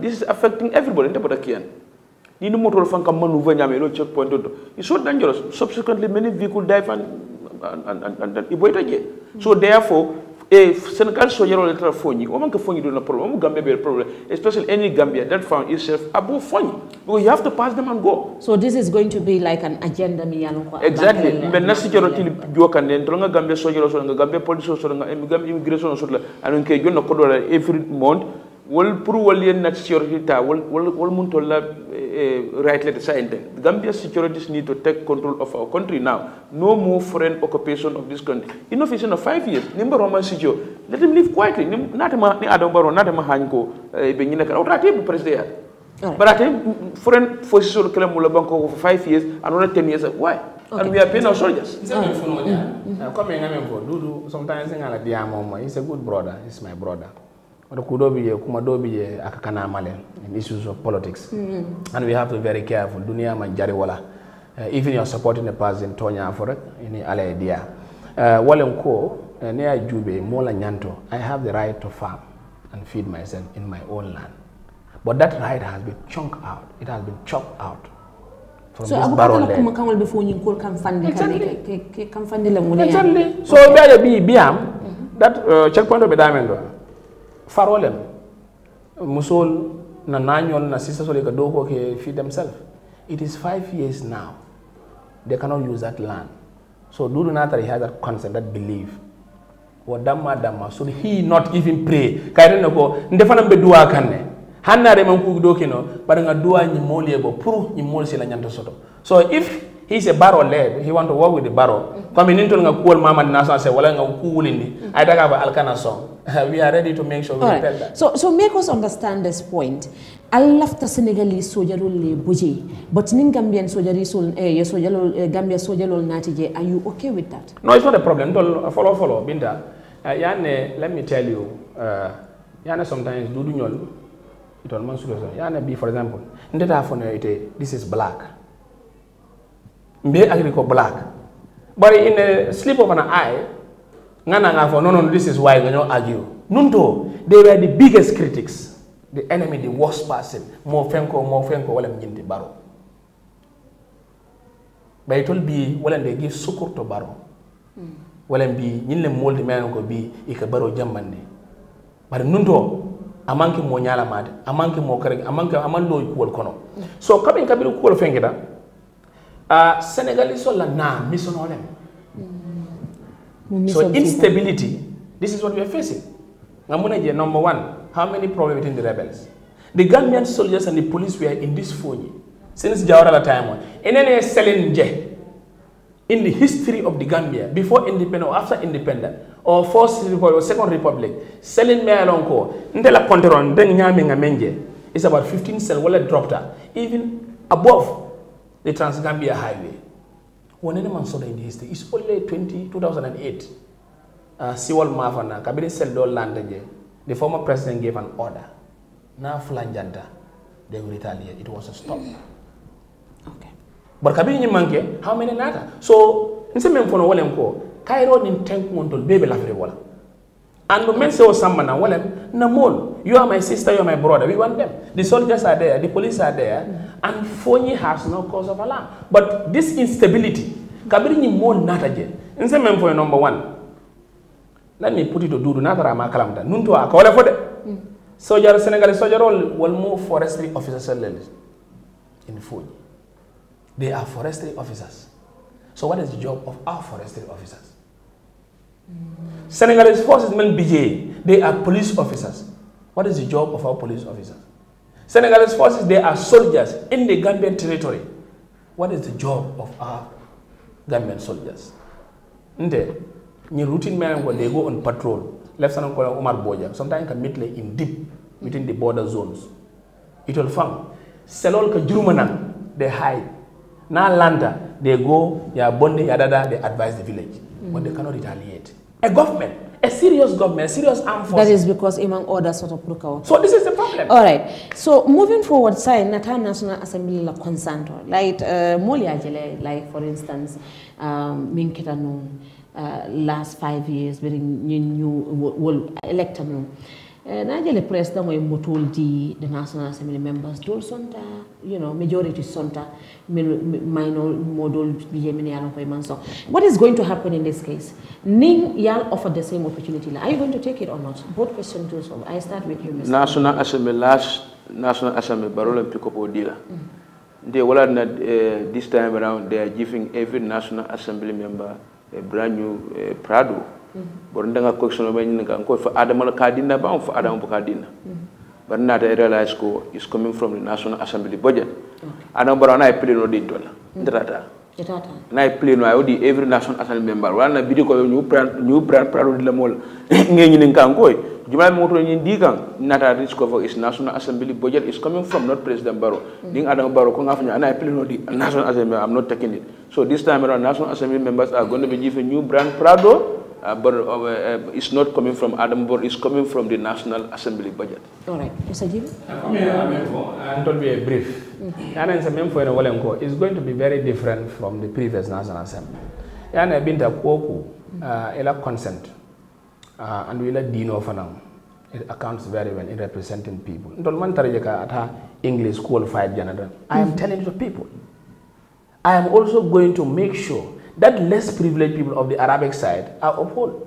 this is affecting everybody. Nino motor fanka maneuver nyame lo checkpoint It's so dangerous. Subsequently, many vehicles dive and and and and, and, and So therefore, Et eh, Sénégal, so yero letra foni. Waman ke foni do na problem. Wamu Gambia be problem. Especially any Gambia that found itself above foni. Because you have to pass them and go. So this is going to be like an agenda mi yalo kwa. Exactly. Mbe nasi yero tili jua kande. Ntolonga Gambia so yero so Gambia police so nga Gambia immigration so nga. Anunke jona kodola every month wolpuru wol yen nat sécurité wol wol wol mun tolla rightly decided the gambia securities need to take control of our country now no more foreign occupation of this country innovation of five years nimba roman sijo let him live quietly natema ni adam baro natema hanko eh, be nyina kala otra tebu president But I think foreign forces will claim bank for five years and only 10 years. Why? Okay. And we are paying our soldiers. Coming, I mean, Dudu, sometimes I think I'm a good brother. He's my brother. but kudobi kumadobi akakana male in issues of politics mm -hmm. and we have to be very careful dunia man jari wala uh, even you are supporting the person tonya for it in ala dia uh, wale nko uh, ne ajube mola nyanto i have the right to farm and feed myself in my own land but that right has been chunked out it has been chopped out so this barrel there. So So biam mm-hmm. that uh, checkpoint of the diamond farolem musol na nanyol na sister sole ka doko ke feed themselves it is five years now they cannot use that land so Dudu Natari has that concept that belief wa damma so he not even pray kayre ren ko ndefanam be duwa kanne hannare man ku dokino bar nga duwa ni moliye bo pour nyi mol la nyanta soto so if he's a barrel lad he want to work with the barrel mm -hmm. comme ninton nga kuol mama dina sa se wala nga kuuli ni ay daga ba alkana song we are ready to make sure we All right. repel that so so make us understand this point alafta senegali sojarol le eh, boje but nin gambian sojari sol soldier eh, ye sojalol eh, gambia sojalol nati je are you okay with that no it's not a problem dol follow follow binda eh, yane let me tell you yane sometimes dudu nyol itol man sulo yane be for example ndeta fono ite this is black mbe agri ko black bari in a slip of an eye ngana nga for non non, this is why nganyo argue nunto they were the biggest critics the enemy the worst person mo fenko mo fenko wala mjindi baro baytol bi wala de gi sukur to baro hmm. wala bi ñin le molde men ko bi e ka baro jammande bari nunto amanke mo nyala made amanke mo kare amanke amando kuwol kono hmm. so kabin kabir kuwol fengida Uh, Senegalese are na mission mm. mm, So instability, this is what we are facing. number one, how many problems between the rebels? The Gambian soldiers and the police were in this phone since Jawara time. And then selling in the history of the Gambia, before independence or after independence, or first republic or second republic, selling me along ko, ndela ponteron, then menga ngamenje, is about 15 cell, wallet dropped out. even above the Trans-Gambia Highway. man saw in history it's only 20, 2008. Uh, Siwal Mavana, Kabiri Seldo Landage, the former president gave an order. Now Flanjanta, they will retaliate. It was a stop. Okay. But Kabiri Nimanke, how many nata? So, in the same way, Cairo ni tenku montol, bebe lafire wala. And the men say, oh, Samana, well, Namol, you are my sister, you are my brother. We want them. The soldiers are there, the police are there, and Foni has no cause of alarm. But this instability, kabiri ni mo nataje. Nse men for number one. Let me put it to do a makalamta. Nuntu akole for de. Soldier Senegalese soldier all will move forestry officers in Fonyi. They are forestry officers. So what is the job of our forestry officers? Senegalese forces men BJ, they are police officers. What is the job of our police officers? Senegalese forces, they are soldiers in the Gambian territory. What is the job of our Gambian soldiers? Nde, ni routine men when they go on patrol, Left Lieutenant Colonel Omar Boja, sometimes can meet in deep within the border zones. It will find. Selol ka they hide. Now lander, they go, they are bonding, yadada, they advise the village. Mm. But they cannot retaliate. A government, a serious government, a serious armed force. That is because among other sort of look So this is the problem. All right. So moving forward, say Natal National Assembly la consent. Like uh, like for instance, um uh, last five years, very new, elect a new najele président the national assembly members dol sonta you know majority sonta minor modol yemini yalo koy man so what is going to happen in this case ning yal offer the same opportunity are you going to take it or not both questions to solve i start with you mr national assembly last national assembly barola pick up odila they mm. wala na eh, this time around they are giving every national assembly member a brand new uh, prado Mm-hmm. bor daga collection o ɓeñina kan koye fo adama la ka dinna ban fo adama bo ka dinna mm-hmm. bari naata réalise ko is coming from the national assembly budget adama bara wona e pleno ɗin toon ndatata na e pleno ay di every national assembly member wala na bidi koye ñu ñu praɗoɗi lamola ŋeñinin kan koye Jumai Motor Yindigan, not a risk of its National Assembly budget is coming from not President Barrow. Hmm. Ding Adam Barrow Kongafanya, and I plead no the National Assembly, I'm not taking it. So this time around, National Assembly members are going to be given new brand Prado, uh, but uh, uh it's not coming from Adam Barrow, it's coming from the National Assembly budget. All right. Mr. Jim? I mean, I mean, it will be a brief. Mm-hmm. It's going to be very different from the previous National Assembly. And I've been to Kwoku, mm-hmm. uh, consent. uh, ah, and we let dino fanang it accounts very well in representing people Don't man taraje ka ata english qualified janada i am mm-hmm. telling the people i am also going to make sure that less privileged people of the arabic side are upheld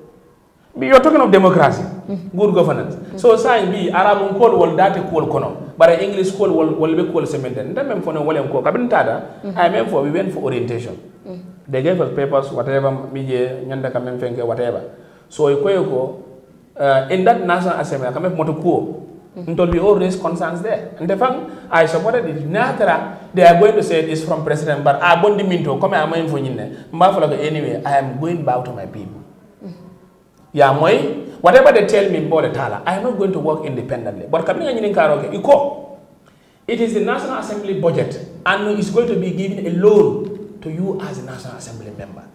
you're talking of democracy, mm -hmm. good governance. Mm -hmm. So saying bi Arab call will that call kono, but an English call will will be call sementen. Then mem for no William call. Kabin tada, mm-hmm. I mean for we went for orientation. Mm -hmm. They gave us papers, whatever, media, nyanda kamem whatever so koy ko uh, in that national assembly kam kame moto kuo Until mm-hmm. we all raise concerns there. And the fact I supported it. Natara, they are going to say this from president, but I won't mean to come I'm for anyway, I am going back to my people. Mm-hmm. Yeah, moy whatever they tell me about the tala, I am not going to work independently. But kam ni coming in Karoke, Iko, it is the National Assembly budget, and it's going to be given a loan to you as a National Assembly member.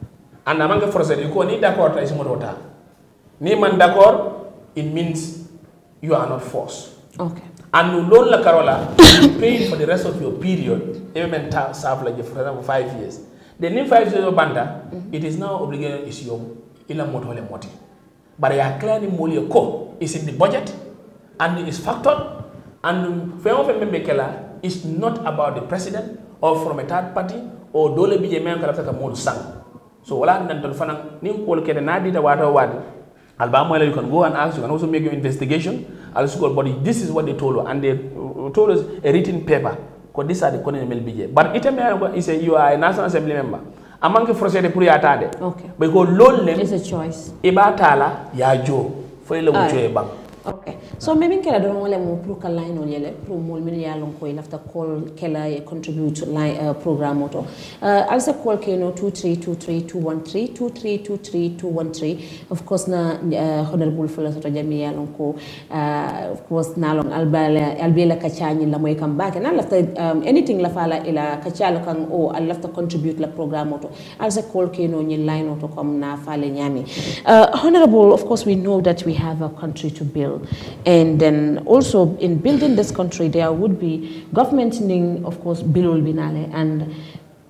And amanga the first, Iko, ni d'accord ta is more water. Name and d'accord, it means you are not forced. Okay. And loan la carola, you pay for the rest of your period. Even serve like for example five years. The name five years of banda, mm -hmm. it is now obligatory is your ila moto moti. But you are clearly moli core. is in the budget and it's factored and fair of membekela is not about the president or from a third party or dole bije men kala ka mol sang. So wala nan tol fanan nin kol kede nadi da wada Alabama, you can go and ask, you can also make your investigation. school, but this is what they told us, and they told us a written paper. Because these are the Colonel MLBJ. But it is a, you are a National Assembly member. Among the frustrated Puri Atade. Okay. Because Lolem is a choice. tala Yajo, Foyle Uchoebang. ok so me min kela doron wala mo pour ka line on yele pour mol min ya lon koy lafta call kela e contribute line uh, programme oto uh, alsa call ke no 2323213 2323213 of course na uh, honorable fulla soto jami ya lon ko uh, of course na lon albala albela ka chani la moy kam bake na lafta um, anything la fala ila ka chala kan o al lafta contribute la programme oto alsa call ke no nyi line oto kom na fale nyami uh, honorable of course we know that we have a country to build people. And then also in building this country, there would be government needing, of course, bill binale. And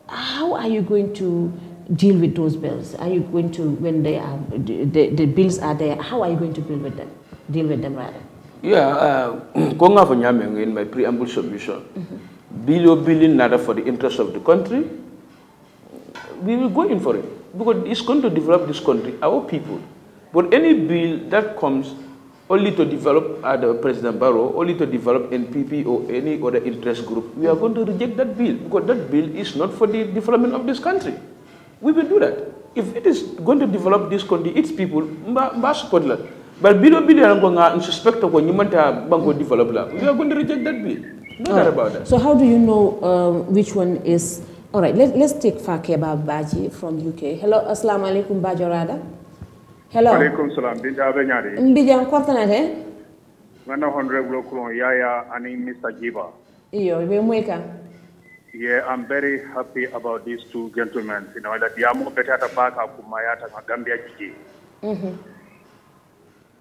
how are you going to deal with those bills? Are you going to, when they are, the, the bills are there, how are you going to deal with them? Deal with them rather? Yeah, uh, going off in my preamble submission, mm -hmm. billion billion naira for the interest of the country, we will go in for it because it's going to develop this country, our people. But any bill that comes only to develop under President Barrow, only to develop NPP or any other interest group, we are going to reject that bill because that bill is not for the development of this country. We will do that. If it is going to develop this country, its people, mba support But bill suspect of when you want to develop that, we are going to reject that bill. No doubt right. about that. So how do you know um, which one is... All right, let, let's take Fakeba Baji from UK. Hello, Assalamu alaikum, Bajorada. hello alaikum salam bin jabe nyaade mbijan kortanate ngana honorable kulon yaya ani mr jiba iyo be moyka Yeah, I'm very happy about these two gentlemen. You know, that Yamo Betata Baka Kumayata Gambia Jiji. Mm-hmm.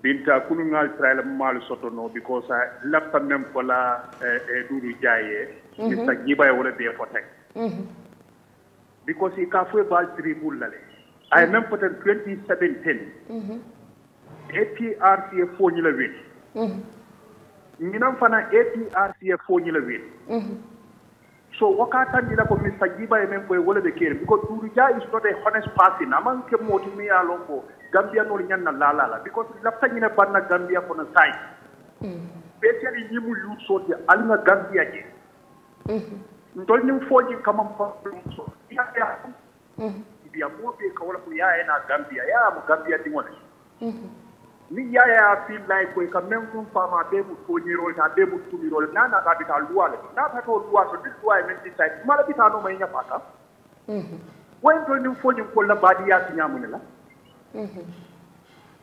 Binta Kunungal trial Mal Sotono because I uh, left a mem for la eh, eh, Duru Jaye, Mr. Mhm. Giba would be a protect. Mhm. Because he can't buy three ay I remember in 2017, mm-hmm. APRCF 4 nyila win. Mm-hmm. Nginam fana APRCF 4 nyila win. Mm-hmm. So wakata la ko mi Mr. Giba yemen ko wole be kere because Durija is not a honest person. Amang ke moti mi alongo Gambia no nyan na la la la because lafta nyina banna Gambia ko na side. Mhm. Especially nyimu youth so ti alna Gambia je. Mhm. Ndol nyim foji kamam fa so. Ya ya. Mhm biya moɓe mm-hmm. ka wala ko yayana gambia yayamo gambia ɗiŋole ni yaya fil lay koy ka même fum fama ɓe mu toñirole ta ɓe mu tumirole nanata bita luwale natato luwa to ndi luwa e men ɗittay mala ɓitanoma e ñafa kam woyen to nin foñin kolla mbaɗi yaasi ñamune la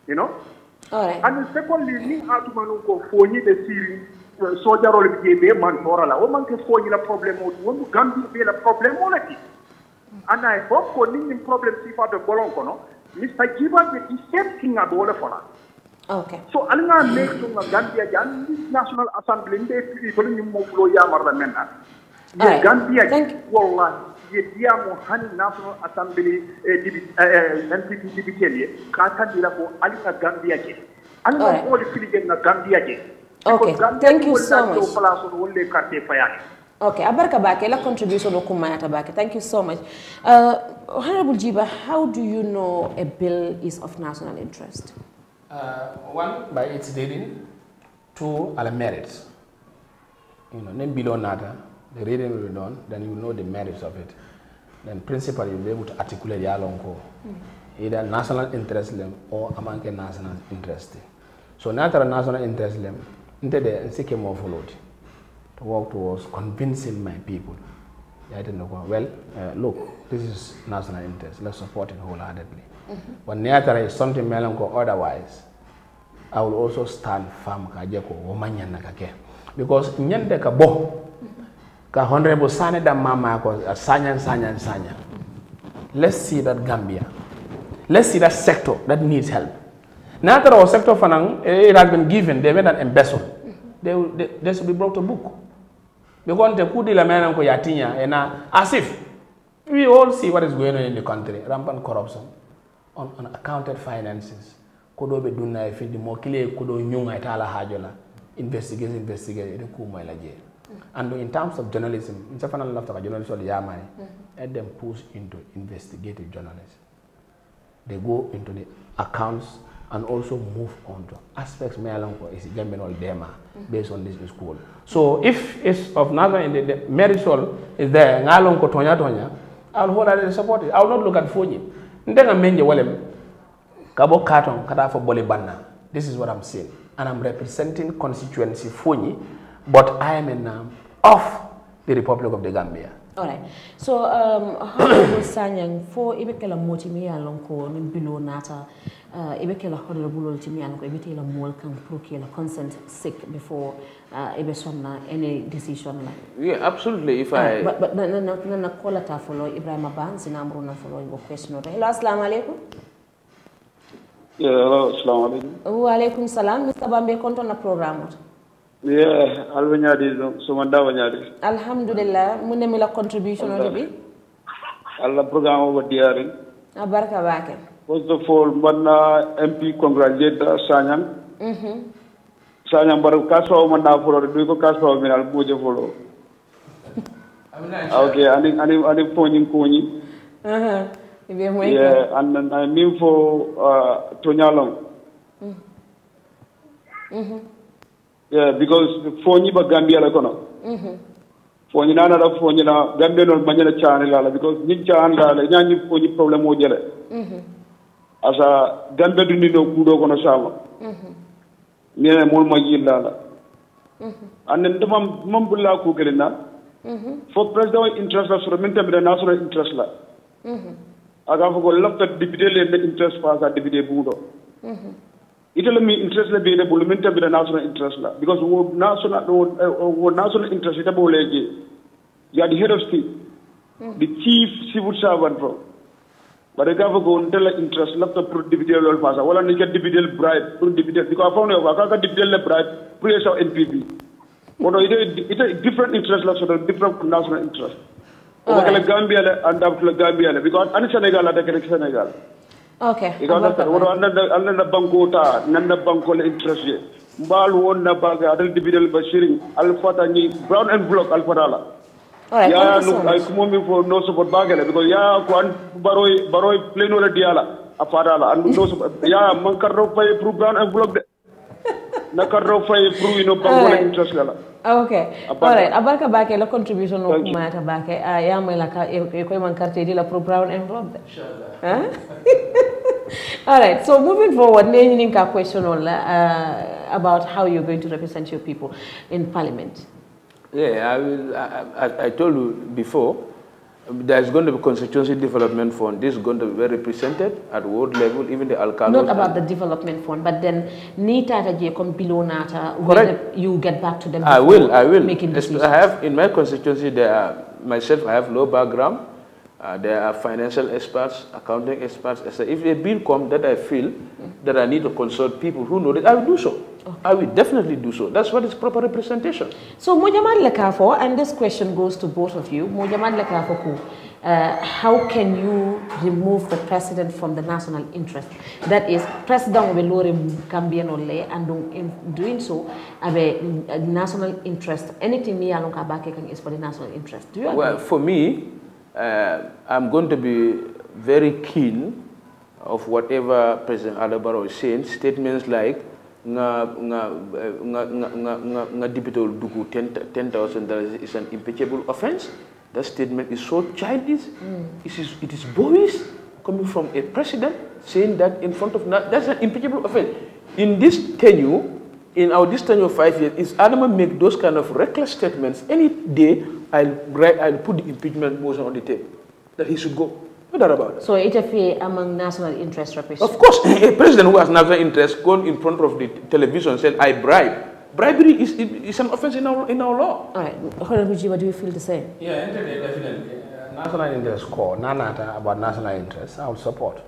you know ani sekolli ni atuma nun ko de siri eh, sojarole ɓe ƴeeɓe man torala wo manque foñila probléme o ɗum wonɗu gambi ɓeela probléme o lati ana ye fo ko ni nin problem si fa bɛ bɔlɔn kɔnɔ mr jiba bɛ i same thing a bɛ Okay. So alin ka mɛ to nka Gambia jan ni National Assembly n bɛ fili toli ni mɔ kulo yamara la mɛ na. Mais Gambia wallahi ye diyamo hani National Assembly MPP dibitel ye k'a ta ko ali ka Gambia jɛ. Alin ka mɔgɔ de fili jɛ nka Gambia jɛ. Okay, thank you so much. Okay, Abarka baake la contribution of Kumayata Bake. Thank you so much. Uh, Honorable Jiba, how do you know a bill is of national interest? Uh, one, by its reading. Two, are the merits. You know, name below nada, the reading will be done, then you know the merits of it. Then principally you'll be able to articulate the alonko. Mm. Mm-hmm. Either national interest lem or among national interest. So natural national interest lem, inte de nsike more followed to work towards convincing my people. I didn't know, well, uh, look, this is national interest. Let's support it wholeheartedly. Mm -hmm. there is something melanko otherwise. I will also stand firm Because nyende ka bo, ka honorable sane da mama ko sanya uh, sanya sanya. Let's see that Gambia. Let's see that sector that needs help. Now that our sector eh, it has been given, they went and embezzled. Mm-hmm. They, they, they should be brought to book because the coup la main ko yatinya ena asif we all see what is going on in the country rampant corruption on unaccounted finances kodo be dunna e fiddi mo kile kodo nyunga tala hajola investigate investigate e ko moy la je mm-hmm. and in terms of journalism in safana la ta journalist wal yamani mm-hmm. let them push into investigative journalism they go into the accounts and also move on to aspects Mealonko is Jambinol Dema mm-hmm. based on this school. So if it's of Naga in the, the Marisol is there, Ngalonko Tonya Tonya, I'll wholeheartedly support it. I'll not look at Fuji. Ndega Menje Walem, Kabo Katon, Kadafo Bolibana. This is what I'm saying. And I'm representing constituency Fuji, but I am a name um, of the Republic of the Gambia. All So, um, Honorable Sanyang, for Ibekela Motimi Alonko, below Nata, uh, Ibekela Honorable Timi Alonko, Ibekela Molkan, Prokela, consent sick before uh, Ibeswana, any decision. Like. Yeah, absolutely. If I. Uh, but but na na na na call ta follow Ibrahim Aban, sinamro na follow your question. Hello, assalamu alaikum. Yeah, hello, assalamu alaikum. Wa alaikum salam. Mr. Bambe, konto na programu. yeah alba ñaadi suma dawa ñaadi alhamdulillah mu nemi la contribution o bi allah programme o waddi yaari a barka baake first of all mbanna mp congratulate sañan mm -hmm. sañan bar kaso man na folo du ko kaso min al boje folo ok ani ani ani poñi koñi uh ibe moy yeah and and min fo uh, to ñalon mhm mhm yeah, because foñiba gambia la kono mm -hmm. foñina na da foñina gambia non mañana chaani la because ni chaan la la ñañi foñi problème o jele mm -hmm. asa gambia du ni no kudo kono sama mm -hmm. ni ne mol ma yilla la mm -hmm. anen dama mam bulla ku kelina mm -hmm. fo president interest la sur min tambe na sur interest la mm -hmm. aga fo ko lapta dibide le interest pa sa dibide buudo mm -hmm itelemi interest le bire bulu min tabira national interest la because wo national wo national interest ita bo leje you the head of state hmm. the chief civil servant bro but the government go ntela interest la to pro dividend lol pasa wala ni ka dividend bribe pro dividend because found yo ka ka dividend le bribe pre sa NPB. wono ite ite different interest la so different national interest ko kala gambia le and up to gambia le because an senegal la de senegal okay ika nata woro anna anna banko ta nanna banko le interest je mbal won na baga adal dibidel bashirin alfata ni brown and block alfata la Right, ya nu ay kumo mi fo no support bagale because ya ko an baroy baroy pleno la diala afara la an no support ya man karro pay pro brown and block de nakarro fay fruit no bango la interest la okay all right abarka bake la contribution no kuma ta bake ah, ya mai la ka koy man carte di la pro brown envelope inshallah all right so moving forward ne ni ka question all uh, about how you're going to represent your people in parliament yeah i will i, I, I told you before there's going to be constituency development fund. This is going to be very at world level, even the Alcalo. Not about the development fund, but then Nita Jacob below Nata, whether you get back to them. I will, I will. Making decisions. I have in my constituency there are, myself I have low background. Uh, there are financial experts, accounting experts. if a bill comes that I feel mm that I need to consult people who know it, I will do so. Okay. I will definitely do so. That's what is proper representation. So Mojaman Lekafo, and this question goes to both of you. Mojaman Lekafo, uh, how can you remove the president from the national interest? That is, president will Gambian ole and in doing so, the uh, national interest. Anything me along is for the national interest. Do you agree? Well, for me, uh, I'm going to be very keen of whatever President Alabaro is saying, statements like nga nga eh, dugu 10,000 dollars is an impeachable offense. That statement is so childish. Mm. It is it is boyish coming from a president saying that in front of that's an impeachable offense. In this tenure, in our distance of five years, if Adama make those kind of reckless statements, any day I'll, write, I'll put the impeachment motion on the table that he should go. No doubt about it. So interfere among national interest representatives. Of course, a president who has national interest gone in front of the television and said, I bribe. Bribery is, is an offense in our, in our law. All right. Honorable Jiwa, do you feel the same? Yeah, definitely. National interest core, nanata about national interest, I would support.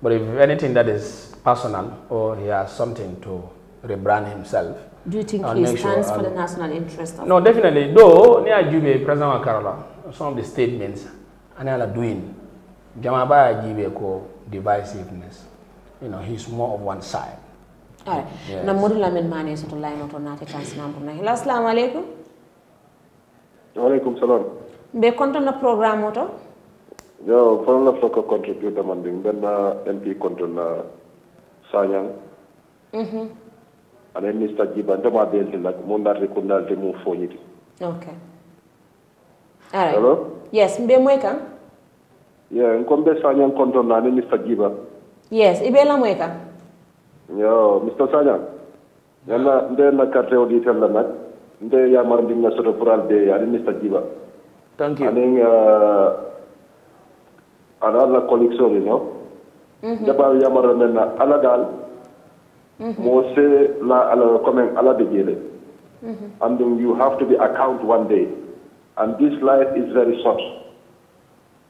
But if anything that is personal or he has something to rebrand himself. Do you think he stands sure for the national interest? Of no, him? definitely. Though, near Jube, President Wakarola, some of the statements, and they are doing, Jamabaya Jube call divisiveness. You know, he's more of one side. Alright. Yes. Na aɗa anni so tajjibantema ɓeen hilla ko moon darde konnalde mum fooñiti ok alright alo yes mbe moy kan ye comme ɓe sañan contonnaani mi tajiba yes iɓe lamoy kan yo mister sañan ah. ñanna nde na carte o ɗi tella nak nde yamar ndinga soto pour al ɓe ani mi tajiba thank you anin uh, aɗa alla collection ni no mhm. ndeɓawi yamarra men na ala dal Mm-hmm. More la ala coming ala mm-hmm. And then you have to be account one day. And this life is very short.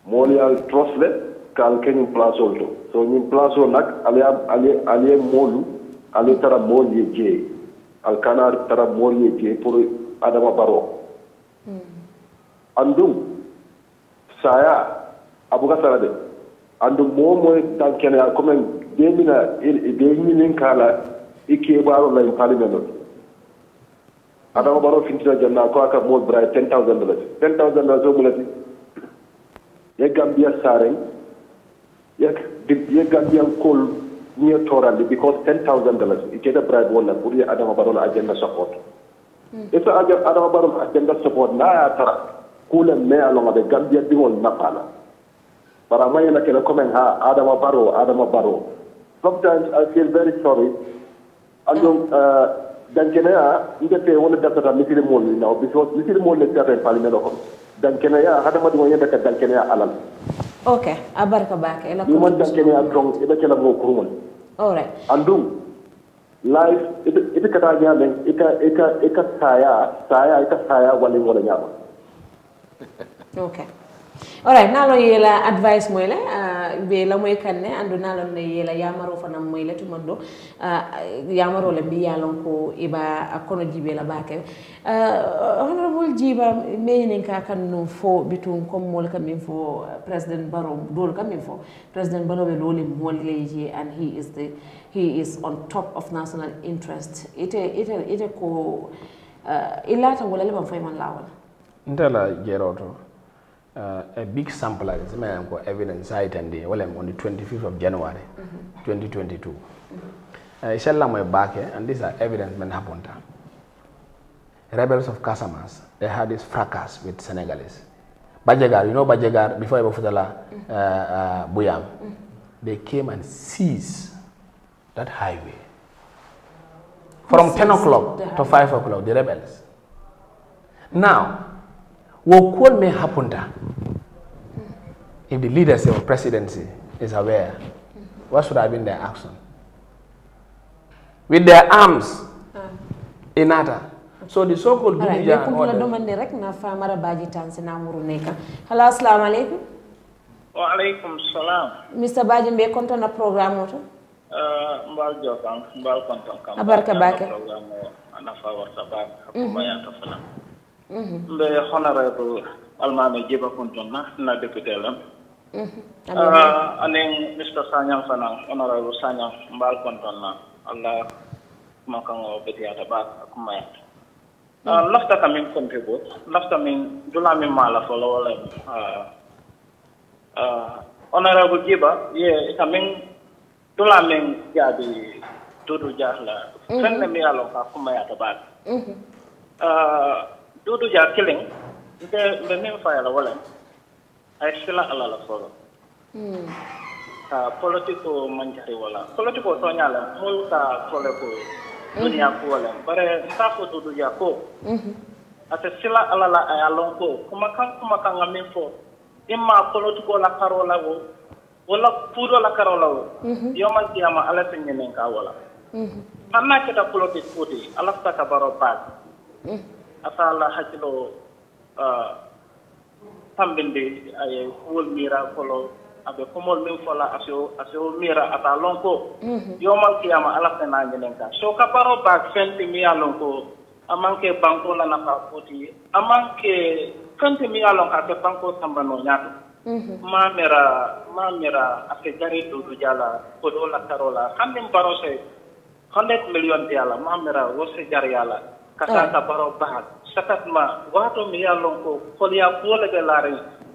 Molial trustle kal kenyum place also. So ni plazo nak ale ale ale molu ale tara moli je. Al kanar tara moli je pour adama baro. Mm-hmm. Andum saya abuga sarade. Andum mo mo dan kenya coming demina deminin kala ike baro la parliament adama baro fintina janna ko aka mo bra 10000 dollars 10000 dollars o bulati ye gambia sare ye ye gambia kol niya torandi because 10000 dollars ike da bribe wala pour ye adama baro la agenda support hmm. e ita adama baro la agenda support na ya tara kula me alonga de gambia di won na pala para mayna kele komen ha adama baro adama baro sometimes I feel very sorry. Andong uh, dankenaya ndete wona datata misiri mool ni now because in mool le tata parlement ko dankenaya hada madu wona daka dankenaya Alan. okay abarka baake ela ko man dankenaya dong ida kala mo kurumon all right andum life ita ita kata its len ita its ita saya saya ita saya walin wala nyama okay alright naalon yela advice moy le uh, ɓe lamoy kanne andu naalon ne yela yamaro fana moy le tumando uh, yamaro le mbi yalon ko iba kono la bake uh, honorable jiba meynin ka kan num fo bitun comme mol min fo president baro dol kamin fo president baro ɓe loli molleji and he is the he is on top of national interest ite ite ite ko uh, ilata wala leman fayman lawol ntala jeroto uh, a big sample like this, I'm evidence site and well, I'm on the 25th of January, mm -hmm. 2022. Mm -hmm. uh, my back eh? and these are evidence men happened. Rebels of Casamas, they had this fracas with Senegalese. Bajegar, you know Bajegar, before Ibu Futala, mm-hmm. uh, uh, Buyam, mm -hmm. they came and seized that highway. From 10 o'clock to 5 o'clock, the rebels. Now, will call me happen that If the leadership of oh, presidency is aware, what should have been their action? With their arms, ah. in other So the so-called Gunja and order. na fa mara baji tansi na muru salam. Mr. Baji mbe konto na programme oto? Uh, ah, mbal jokam, mbal konto kam. Abarka bake. Programme ana fa warta Mm-hmm. le honorable almame jeba kuntonna na député lam mm-hmm. ah, aning mr sañang fana honorable sañang mbal kuntonna allah kuma kan o betiyata ba kuma ya lafta kamin kompe bo lafta min mm-hmm. dula min mala fo lawala honorable jeba ye kamin dula min jabi tudu jahla fenne mi alo ka kuma ya ta ba duudu killing, kiliŋ nte mbe miŋ faya la wo le a ye sila ala la folo politiko maŋ wala, wo la politiko tooñaa le muŋ ka fole ko duniya kuwo le bari nka fo duudu jaa ate sila alala la a ye a loŋ ko kumakaŋ kumakaŋ ŋa miŋ fo i maa politiko la karoo la wo wala puudo la karoo la wo hmm. yomal kiyama ala te ñiniŋ ka wo la haŋ hmm. naa keta politik kuuti ala fita ka baroo baake hmm asala hakkilo kamɓe ah, nde aye kuwol mira kolo aɓe komol min fola aseo mira ata lon ko mhm. yomal kiyama ala fenaje nen ka so kaparo bak senti mi ya ko amanke banko la nafa foti amanke ke mi ya lon ka ke banko sambano ñaato ma mera ma mera ake jari dudu jala kodo la karola hannin baro se hundred million ti ma mera wose jari kata ka oh. baro bahal sakatma wato mi yallon ko foliya bole be laare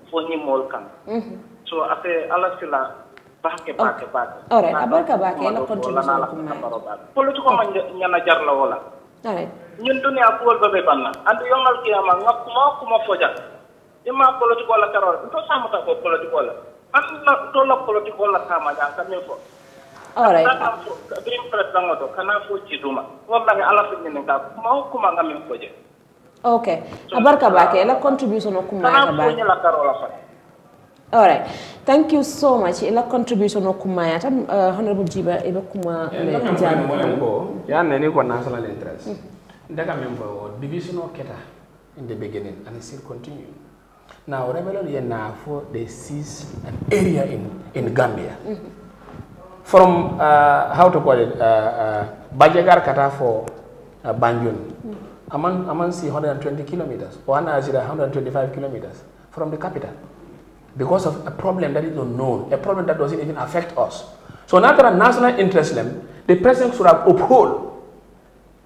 fo ñimmol kan mhm. so ate ala sila baake oh. baake baake ore abarka baake ela continue ko ma politiko man ñana jar la wala ñun dunia kuwol babe banna andu yomal kiyama nga kuma kuma foja ima politiko la karol to samata ko politiko la andu to la politiko la kama ñan kamin fo all right dream president ngoto kana fo ci duma wallahi ala fi ni ka kuma kuma okay bake la contribution ko kuma ka ba kana la thank you so much ila contribution o kuma ya tan uh, honorable jiba ibe kuma eh, le jani ko ne ni ko national interest mm. daga membo division o keta in the beginning and it still continue now rebellion ye na for the seas an area in in gambia mm -hmm. from uh, how to call it uh, uh Kata for uh, Banjul. Mm. Amman, Amansi 120 kilometers, or 125 kilometers from the capital because of a problem that is unknown, a problem that doesn't even affect us. So now that a national interest them, the president should have upheld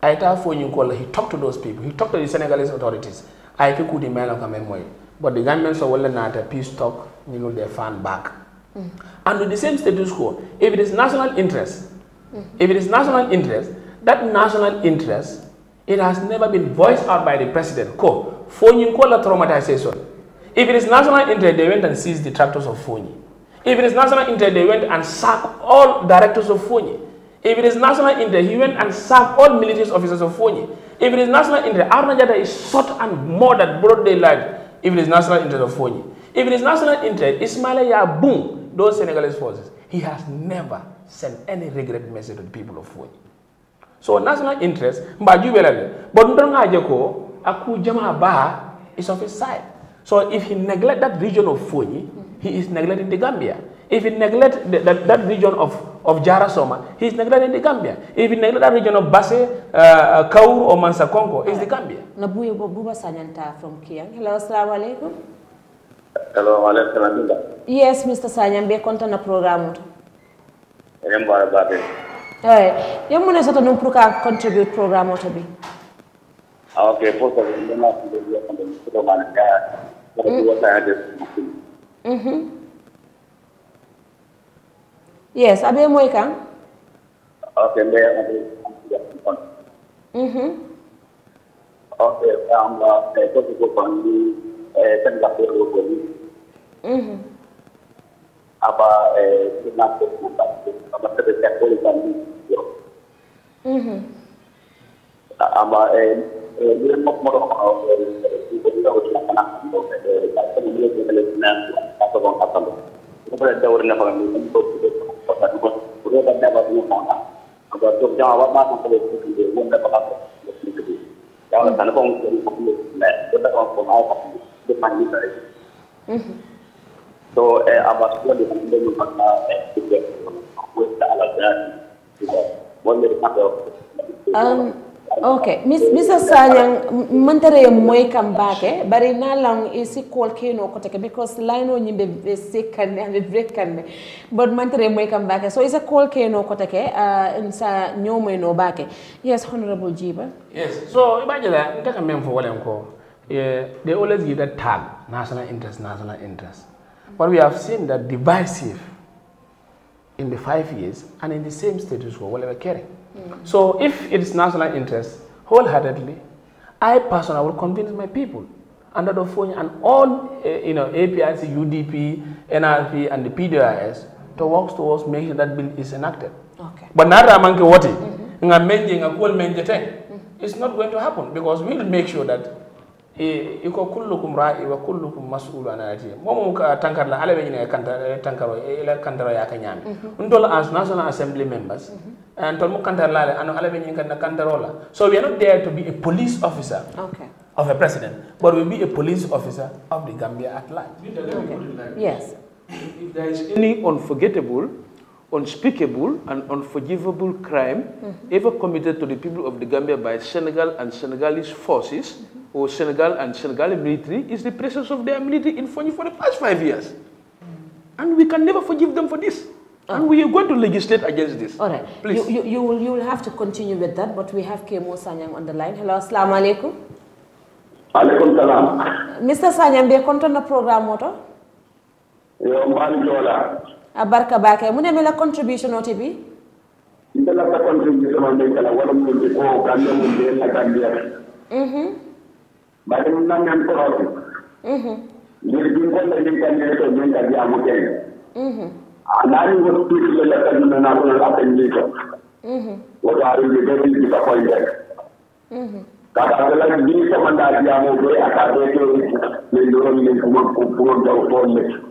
you call he talked to those people, he talked to the Senegalese authorities. I could imagine But the government saw well a peace talk, you know, they fan back. And with the same status quo, if it is national interest, mm. if it is national interest, that national interest, it has never been voiced out by the president. Ko, Fonyi Nkola traumatization. If it is national interest, they went and seized the tractors of Fonyi. If it is national interest, they went and sacked all directors of Fonyi. If it is national interest, he went and sacked all military officers of Fonyi. If it is national interest, Arunajada is shot and murdered broad daylight if it is national interest of Fonyi. If it is national interest, Ismaila Yabung those Senegalese forces, he has never sent any regret message to the people of Fuji. So national interest, but you will Aku Jama Ba is of his side. So if he neglect that region of Fuji, he is neglecting the Gambia. If he neglect the, that, that region of, of Jara Soma, he is neglecting the Gambia. If he neglect that region of Basse, uh, Kaur or Mansa Congo, is the Gambia. Nabuye Buba from Kiang. Hello, assalamu alaikum. salaamaaleykum sana yes Mr Sagnam be kontaan na programme to. enen mbaara baate. oye yéen mu ne soto num pour ka contribute programme oto bi. ah ok fo ko ni ma ko yo ko ni yes abe moy kan. Ah, ok mbe ya ko mhm ok am ba ko ko ko Singapura locally. Mm-hmm. Aba Singapura nampak, apa terdekat dari kami. Mm-hmm. Aba dia mau merokok, itu dia udah kena kandung, tapi dia juga atau bang atau bang. ada orang yang itu, kemudian ada apa yang mau nak yang oleh kita di Um, Okay, Miss Mrs. Sanyang, mantere moy kambake, bari na lang isi call keno koteke because lino nyimbe basic kan and but mantere moy kambake. So is a keno koteke, insa uh, nyomo no bake. Yes, Honorable Jiba. Yes, so imagine take a mem for what they always give that tag, national interest, national interest. But we have seen that divisive in the five years and in the same status quo, whatever caring. So if it is national interest, wholeheartedly, I personally will convince my people under the phone and all eh, you know APIC, UDP, NRP, and the PDIS to work towards making that bill is enacted. Okay. But not manke wati mm-hmm. mm-hmm. It's not going to happen because we'll make sure that e iko kullukum ra'i wa kullukum mas'ul an ayati momo ka tankar la ala be kanta eh, tankaro eh, ila kantaro ya ka nyami mhm. ndol as national assembly members and mhm. eh, tol mo kantar la ano ala be kanta kantaro la so we are not there to be a police officer okay of a president but we be a police officer of the Gambia at large okay. yes if there is any unforgettable unspeakable and unforgivable crime mm -hmm. ever committed to the people of the Gambia by Senegal and Senegalese forces mm -hmm. or Senegal and Senegalese military is the presence of their military in Fonyi for the past five years. Mm. And we can never forgive them for this. Oh. And we are going to legislate against this. All right. Please. You, you, you, will, you will have to continue with that, but we have Kemo Sanyang on the line. Hello, assalamu alaikum. Alaikum salam. Mr. Sanyang, you content the program, what? Yo, man, Barka Baake mu ne mela contribution oti bi ndela ta contribution on dey kala wala mun ko gande mun dey la gande mhm ba dem nan nan ko mhm ni din ko la din kan ne to ka ya mu mhm ana ni wo tu le la kan na ko la pen ni ko mhm wo da ri de di ta ko ide mhm ka ka la din ko manda ya mu be aka be to le do ni ko ko ko do le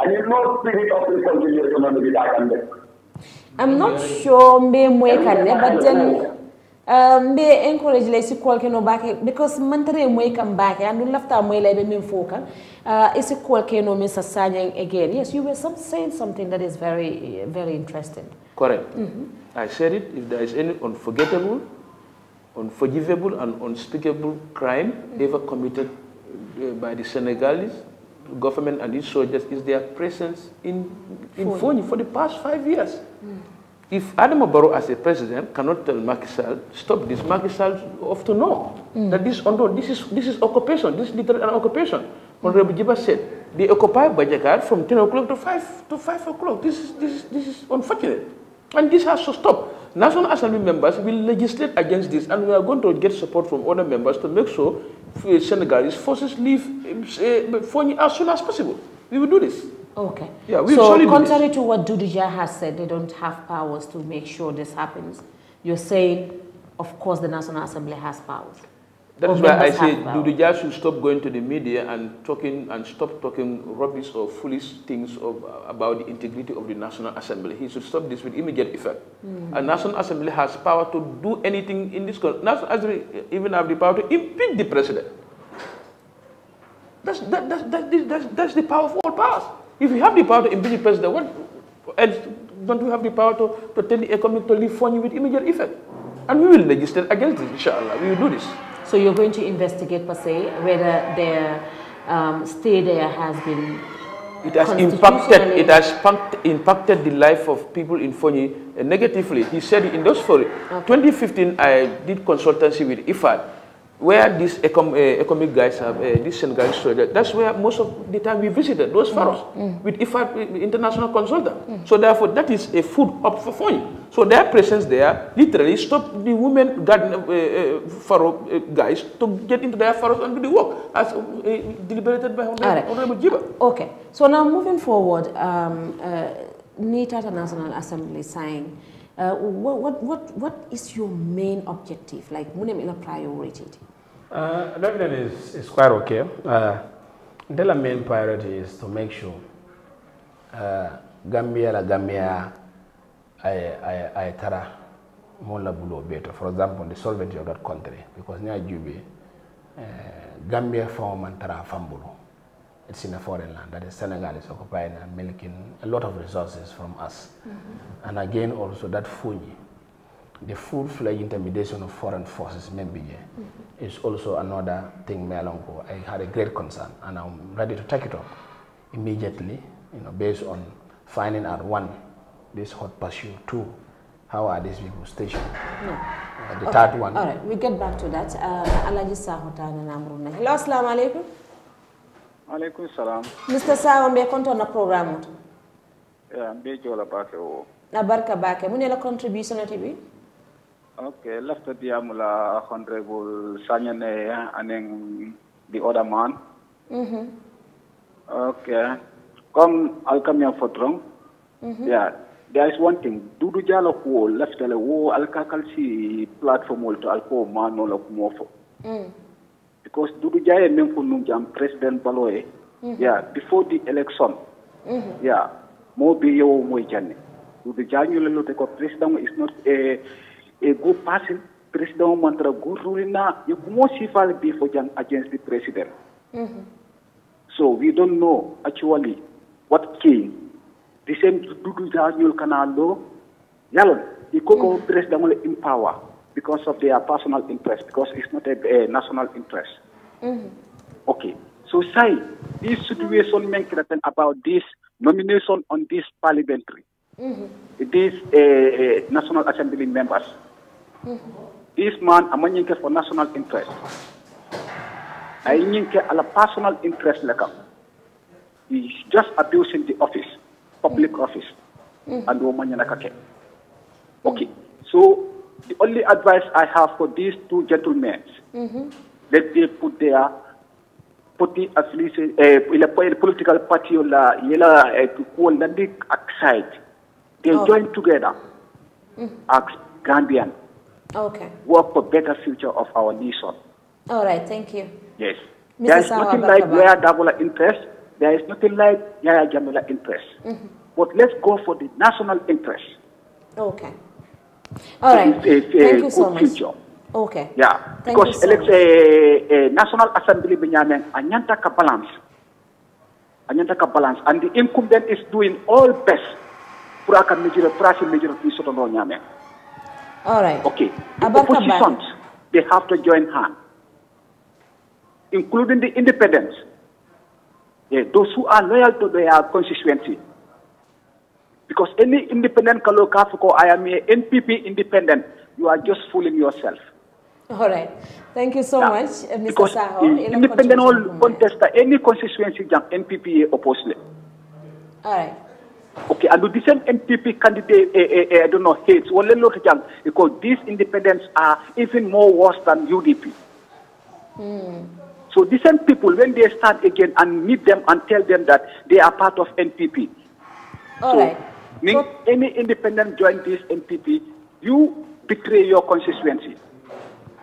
And if no spirit of reconciliation on the back and I'm not sure Mbe Mwe can, but then um, uh, be encourage lay si kol keno bake because mantere moy kam bake and lafta moy lay be min foka uh is kol keno min sa sanya again yes you were some, saying something that is very very interesting correct mm -hmm. i said it if there is any unforgettable unforgivable and unspeakable crime mm-hmm. ever committed uh, by the senegalese government and its soldiers is their presence in, in Foni for the past five years. Mm. If Adam Barrow as a president cannot tell Macky stop this, Macky ought to know mm. that this, although this is, this is occupation, this is literally an occupation. Honorable Jiba said, they occupy Bajakar from 10 o'clock to 5 to 5 o'clock. This is, this, is, this is unfortunate. And this has to stop. National Assembly members will legislate against this and we are going to get support from other members to make sure for his forces leave um, uh, as soon as possible. We will do this. Okay. Yeah, we so contrary to what Dudija has said, they don't have powers to make sure this happens. You're saying, of course, the National Assembly has powers. That is why I say judge should stop going to the media and talking and stop talking rubbish or foolish things of, about the integrity of the National Assembly. He should stop this with immediate effect. Mm. A National Assembly has power to do anything in this country. National Assembly even have the power to impeach the president. That's, that, that, that, that's, that's the power of all powers. If you have the power to impeach the president, what, else don't you have the power to, to tell the economy to leave for you with immediate effect? And we will legislate against it, inshallah. We will do this. So you're going to investigate per se whether their um, stay there has been it has impacted it has impacted the life of people in Fonyi negatively. He said in those story, okay. 2015, I did consultancy with IFAD where these econ uh, eh, economic guys, have, uh, these Senegalese that's where most of the time we visited, those mm. pharaohs, mm. with IFAD eh, international consultant. Mm. So therefore, that is a food up for fun. So their presence there literally stopped the women garden, uh, pharaoh guys to get into their pharaohs and do the work, as deliberated by Honorable right. Jiba. Uh, okay, so now moving forward, um, uh, NITA National Assembly saying, uh, what, what, what, what is your main objective? Like, what is your priority? Uh, Lebanon is, is quite okay. Uh, the main priority is to make sure uh, Gambia la Gambia ay tara mon la bulo better. For example, the solvency of that country because near Jubi, uh, Gambia form and tara fambulo. It's in a foreign land. That is Senegal is occupying and milking a lot of resources from us. Mm -hmm. And again, also that Funyi, the full-fledged intimidation of foreign forces may be here. Mm -hmm. is also another thing Melongo. I had a great concern and I'm ready to take it up immediately, you know, based on finding out one, this hot pursuit, two, how are these people stationed? No. Uh, the okay. third one. All right, we get back to that. Uh, Alaji Sahotana Namruna. Hello, assalamu alaikum. Alaikum salam. Mr. Sawa mbe konto na programu tu. Yeah, mbe jola bake wo. Na barka bake. Mune la contribution na TV? left laftotiyamo la honorable sañane eh, anen di oɗa man mm -hmm. ok comme alkamian fotron mm -hmm. yeah there is one thing dudu ku left the wo alkakal si platform wol to alko man no la fo mm. because dudu jaye men ko num jam president baloe. Eh. mm -hmm. yeah before the election mm -hmm. yeah mo bi yo moy janne dudu janyu le lote ko president is not a eh, A good fasil président mantra go rulina e go mo sifal bi fo jang against the president mm -hmm. so we don't know actually what came the same dudu the ñul kana lo yalon e ko ko president le empower because of their personal interest because it's not a, a national interest mm -hmm. okay so say this situation men threaten about this nomination on this parliamentary, mm -hmm. these uh, uh, eh, National Assembly members. This man amanyinke for national interest. a la personal interest lekam. He's just abusing the office, public office, and mm. and woman yanakake. Mm. Okay, so the only advice I have for these two gentlemen, mm -hmm. they put their at least uh, political party la yela eh, the big aside. They oh. join together mm. as Gambian. Okay. Work for better future of our nation. All right, thank you. Yes. Mrs. There is Awa nothing Bakaba. like Yaya Dabula interest. There is nothing like Yaya Jamila interest. Mm -hmm. But let's go for the national interest. Okay. All right. A, a, thank you so much. Future. Okay. Yeah. Thank because so much. us say uh, National Assembly Benjamin Anyanta ka balance. Anyanta ka balance. And the incumbent is doing all best. Pour aka major, pour aka major, pour aka major, all right. Okay. The they have to join hands, including the independents, yeah, those who are loyal to their constituency. Because any independent Kalokafuko, I am a NPP independent, you are just fooling yourself. All right. Thank you so yeah. much, uh, Mr. Because Saho. Independent all contestant, any constituency, NPP opposed. All right. Okay, and the same NPP candidate, eh, eh, eh, I don't know, hates, well, because these independents are even more worse than UDP. Mm. So the same people, when they start again and meet them and tell them that they are part of NPP. All so, right. so any independent join this NPP, you betray your constituency.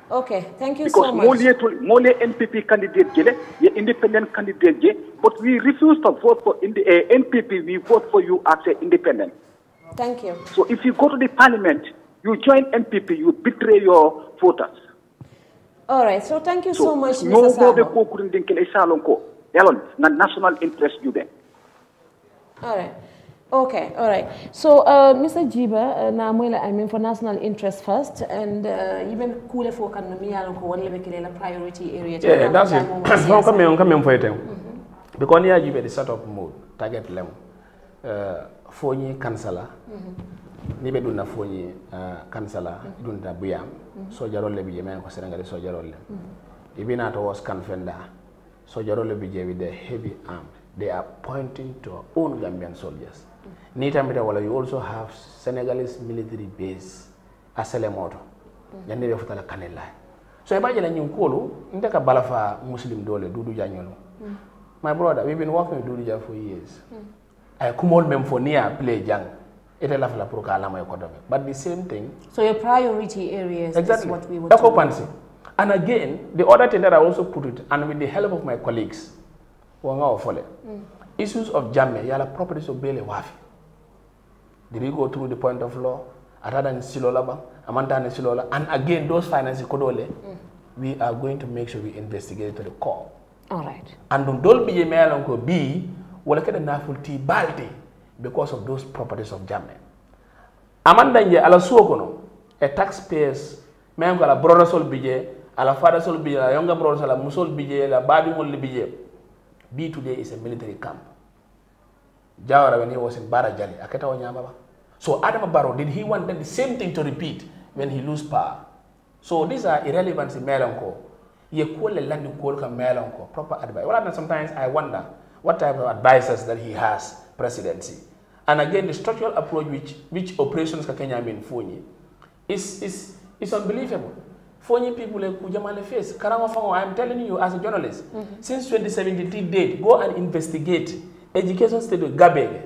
Okay, thank you because so much. Because Mole, NPP candidate, Gele, the independent candidate, Gele, but we refuse to vote for in the, uh, NPP, we vote for you as an independent. Thank you. So if you go to the parliament, you join NPP, you betray your voters. All right, so thank you so, so much, Mr. No more ko kurindin kele salon ko. Yalon, na national interest you then. All right. Okay, all right. So, uh, Mr. Jiba, uh, na mwela, I mean, for national interest first, and uh, even uh, kule for kan mi yalo ko wala be priority area. Yeah, yeah that's it. How come on come for item? Mm-hmm. Because ni ajibe the set up mode, target level. Uh, fonyi kansala. Mm-hmm. Ni be dunna fonyi uh, kansala, dunna buyam. So jarole bi yemen ko senegal so jarole. Ibina to was kanfenda. So jarole bi jewi a heavy arm. They are pointing to our own Gambian soldiers. nitambirawala you also have senegalese military base mm-hmm. a selemoto ñande ɓe futala kanella so e ɓajela ñin kuolu muslim dole Dudu ñolu mm-hmm. my brother we've been working with Dudu duduja for years mm-hmm. I kumol même fo niya play jang ite lafala pour but the same thing so your priority areas exactly. is what we were talking. and again the other thing that i also put it and with the help of my colleagues wonga o mm. issues of jamme yala properties o bele waafi Did we go through the point of law? Atata ni silolaba, amanta ni silola. And again, those finances kodole, mm. we are going to make sure we investigate to the core. All right. And on dol biye meyalon ko bi, wala kada naful ti balti because of those properties of Germany. Amanda nje ala suwo kono, a taxpayers, meyanko ala brother sol biye, ala father sol biye, ala younger brother sol, ala musol biye, ala babi mol biye. B today is a military Jawara when he was in Barajali, Aketa Onyamaba. So Adam Barrow, did he want the same thing to repeat when he lose power? So these are irrelevant in Melonko. You call a land called Melonko, proper advice. Well, sometimes I wonder what type of advisors that he has, presidency. And again, the structural approach which, which operations Kenya mean Fonyi is, is, is unbelievable. Fonyi people like Kujamale face, Karangofango, I'm telling you as a journalist, mm -hmm. since 2017 date, go and investigate education state gabege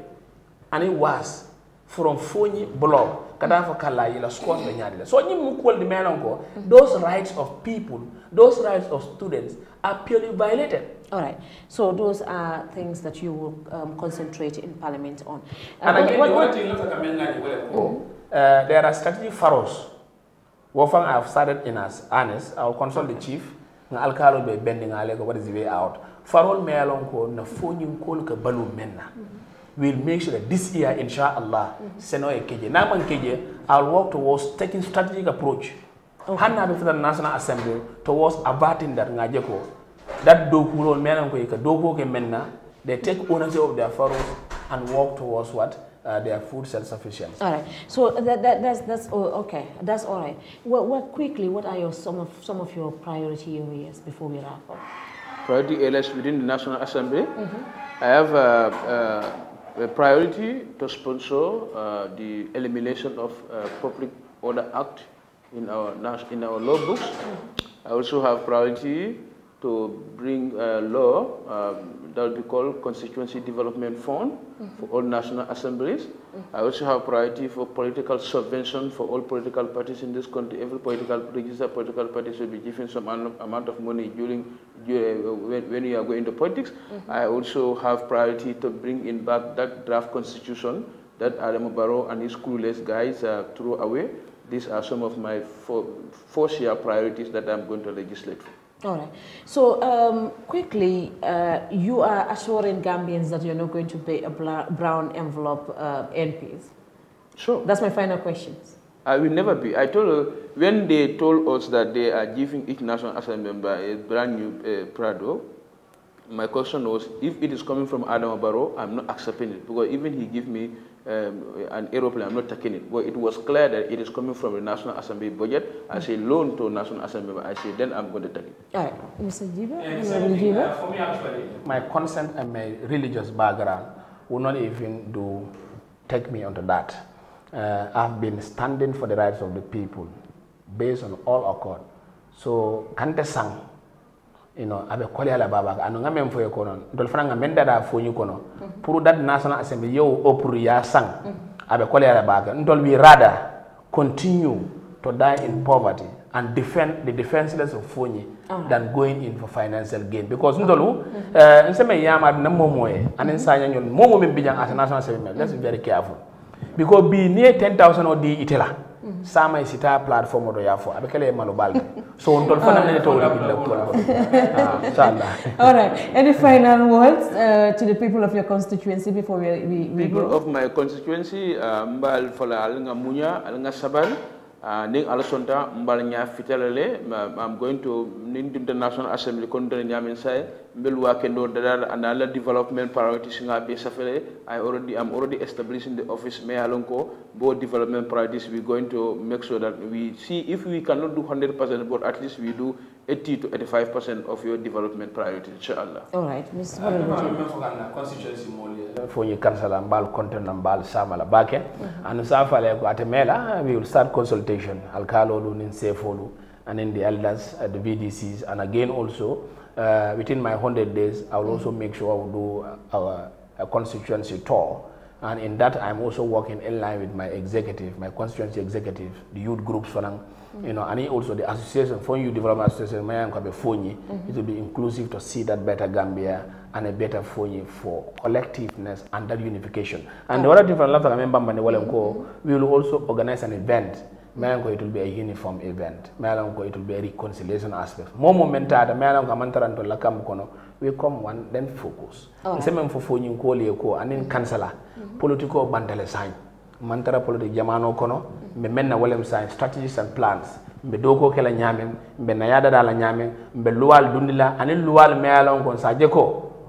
it was from fonyi block kada for kala yila squat be so nyi mu di menon ko those rights of people those rights of students are purely violated all right so those are things that you will um, concentrate in parliament on uh, and again, what, what, what, what, mm-hmm. uh, there are strategic furrows. Wofang I have started in as honest. I will consult okay. the chief nga alkalo be bendi ko what is the way out farol melon ko na foñin kol ka balu menna will make sure that this year inshallah mm-hmm. seno e keje na man keje i'll work towards taking strategic approach hanna be fitan national assembly towards abating that ngaje ko that do kulol menan ko e ka do ko ke menna they take ownership of their farol and work towards what uh, they are food self-sufficient. All right. So that, that, that's that's oh, okay. That's all right. Well, well, quickly, what are your some of some of your priority areas before we wrap up? Priority areas within the National Assembly. Mm -hmm. I have a, uh, a, uh, a, priority to sponsor uh, the elimination of uh, Public Order Act in our in our law books. Mm -hmm. I also have priority to bring uh, law. Um, that will be called Constituency Development Fund mm -hmm. for all national assemblies. Mm -hmm. I also have priority for political subvention for all political parties in this country. Every political registered political party should be given some amount of money during uh, when, when you are going to politics. Mm -hmm. I also have priority to bring in back that draft constitution that Adam Barrow and his clueless guys uh, threw away. These are some of my four, four priorities that I'm going to legislate for. All right. So um, quickly, uh, you are assuring Gambians that you're not going to pay a brown envelope uh, NPs. Sure. That's my final question. I will never be. I told when they told us that they are giving each national assembly member a brand new uh, Prado, my question was if it is coming from Adam Barrow, I'm not accepting it because even he gave me um, an aeroplane, I'm not taking it. But it was clear that it is coming from the National Assembly budget I say loan to National Assembly. I say, then I'm going to take it. All right. Mr. Jiba? Mr. Jiba? for me, actually, my consent and my religious background will not even do take me onto that. Uh, I've been standing for the rights of the people based on all accord. So, Kante Sang ino abe kole ala baba anu nga foye kono dol fana nga men dada foñu kono pour dad national assembly yow o pour ya sang mm-hmm. abe kole ala baba ndol wi rada continue to die in poverty and defend the defenseless of foñi uh ah. -huh. than going in for financial gain because ah. ndolu uh, mm-hmm. eh, nseme yama na momoye mm-hmm. anen sanya nyon momo men bijang as national assembly let's be very careful because bi ni 10000 o di itela sama sita platform do yafo abe kala malo malu balde so on tol fana ne to rabbi la tol all right any final words uh, to the people of your constituency before we, we, we people go? of my constituency uh, mbal fola al nga munya al nga sabal uh, ning ala sonta mbal nya fitalale i'm going to nin international assembly kon dene nyamin say mbel wakendo dadal anala development priorities nga be safele i already i'm already establishing the office may alonko bo development priorities we going to make sure that we see if we cannot do 100% but at least we do 80 to 85% of your development priorities inshallah all right mr constituency fo ñu kansala mbal content mbal samala bake anu safale ko atemela we will start consultation alkalolu nin sefolu and then the elders at uh, the BDCs and again also uh, within my 100 days, I will also make sure I will do uh, our, a uh, constituency tour. And in that, I'm also working in line with my executive, my constituency executive, the youth groups, Fanang, mm mm-hmm. you know, and also the association, for Youth Development Association, Mayam Kabefonyi, mm mm-hmm. it will be inclusive to see that better Gambia and a better Fonyi for collectiveness and that unification. And oh. the other different left, I remember, we will also organize an event melan ko it will be a uniform event melan ko it will be a reconciliation aspect momo mentata melan ko amantaranto la kam kono we come one then focus right. nsemen fo fo nyin ko le ko anen kansala mm politiko bandale sañ mantara politique jamano kono mm-hmm. mbe menna wolem sañ strategies and plans mbe doko kala nyamen mbe nayada dala nyamen mbe luwal dundila anen luwal melan ko sa je ko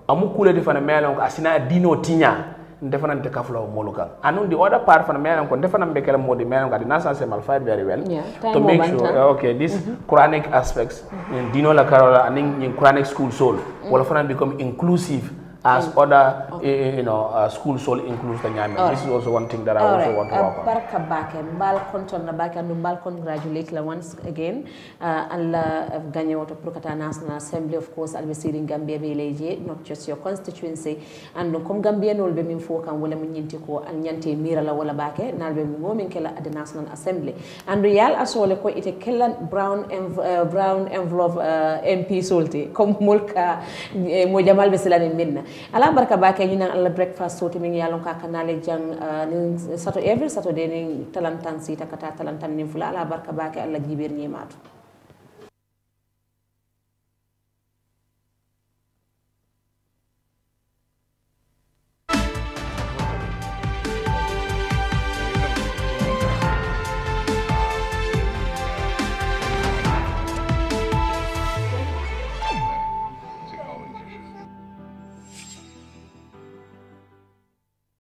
amu kuleti fana ko asina dino tinya ndefanante kafla moolu kaŋ anun di other part fana meyaŋ ko ndefanan be kala modi di ngadi na di mal fired very well yeah, to make sure uh, okay this mm -hmm. quranic aspects mm -hmm. dino la karola aning in quranic school soul mm -hmm. wala fanaŋ become inclusive as oh, other okay. Eh, eh, you know uh, school sol includes the nyame right. this is also one thing that All i also right. want to work on barka bake mbal kon ton na back and mbal congratulate la once again uh, and alla uh, gagne woto prokata national assembly of course albe siri gambia be leje not just your constituency andu kom gambia no be min fo kan wala min nyinti ko al nyante mira la wala bake nalbe mi momin kala at the national assembly and real aso asole ko ite kala brown env uh, brown envelope uh, mp solti kom mulka eh, mo jamal be silani minna ala barka bake ñinan allah breakfast soti min yalon ka kanale jang uh, nin sato every de nin talantan sita kata talantan nin fula ala barka bake allah jibir ñimatu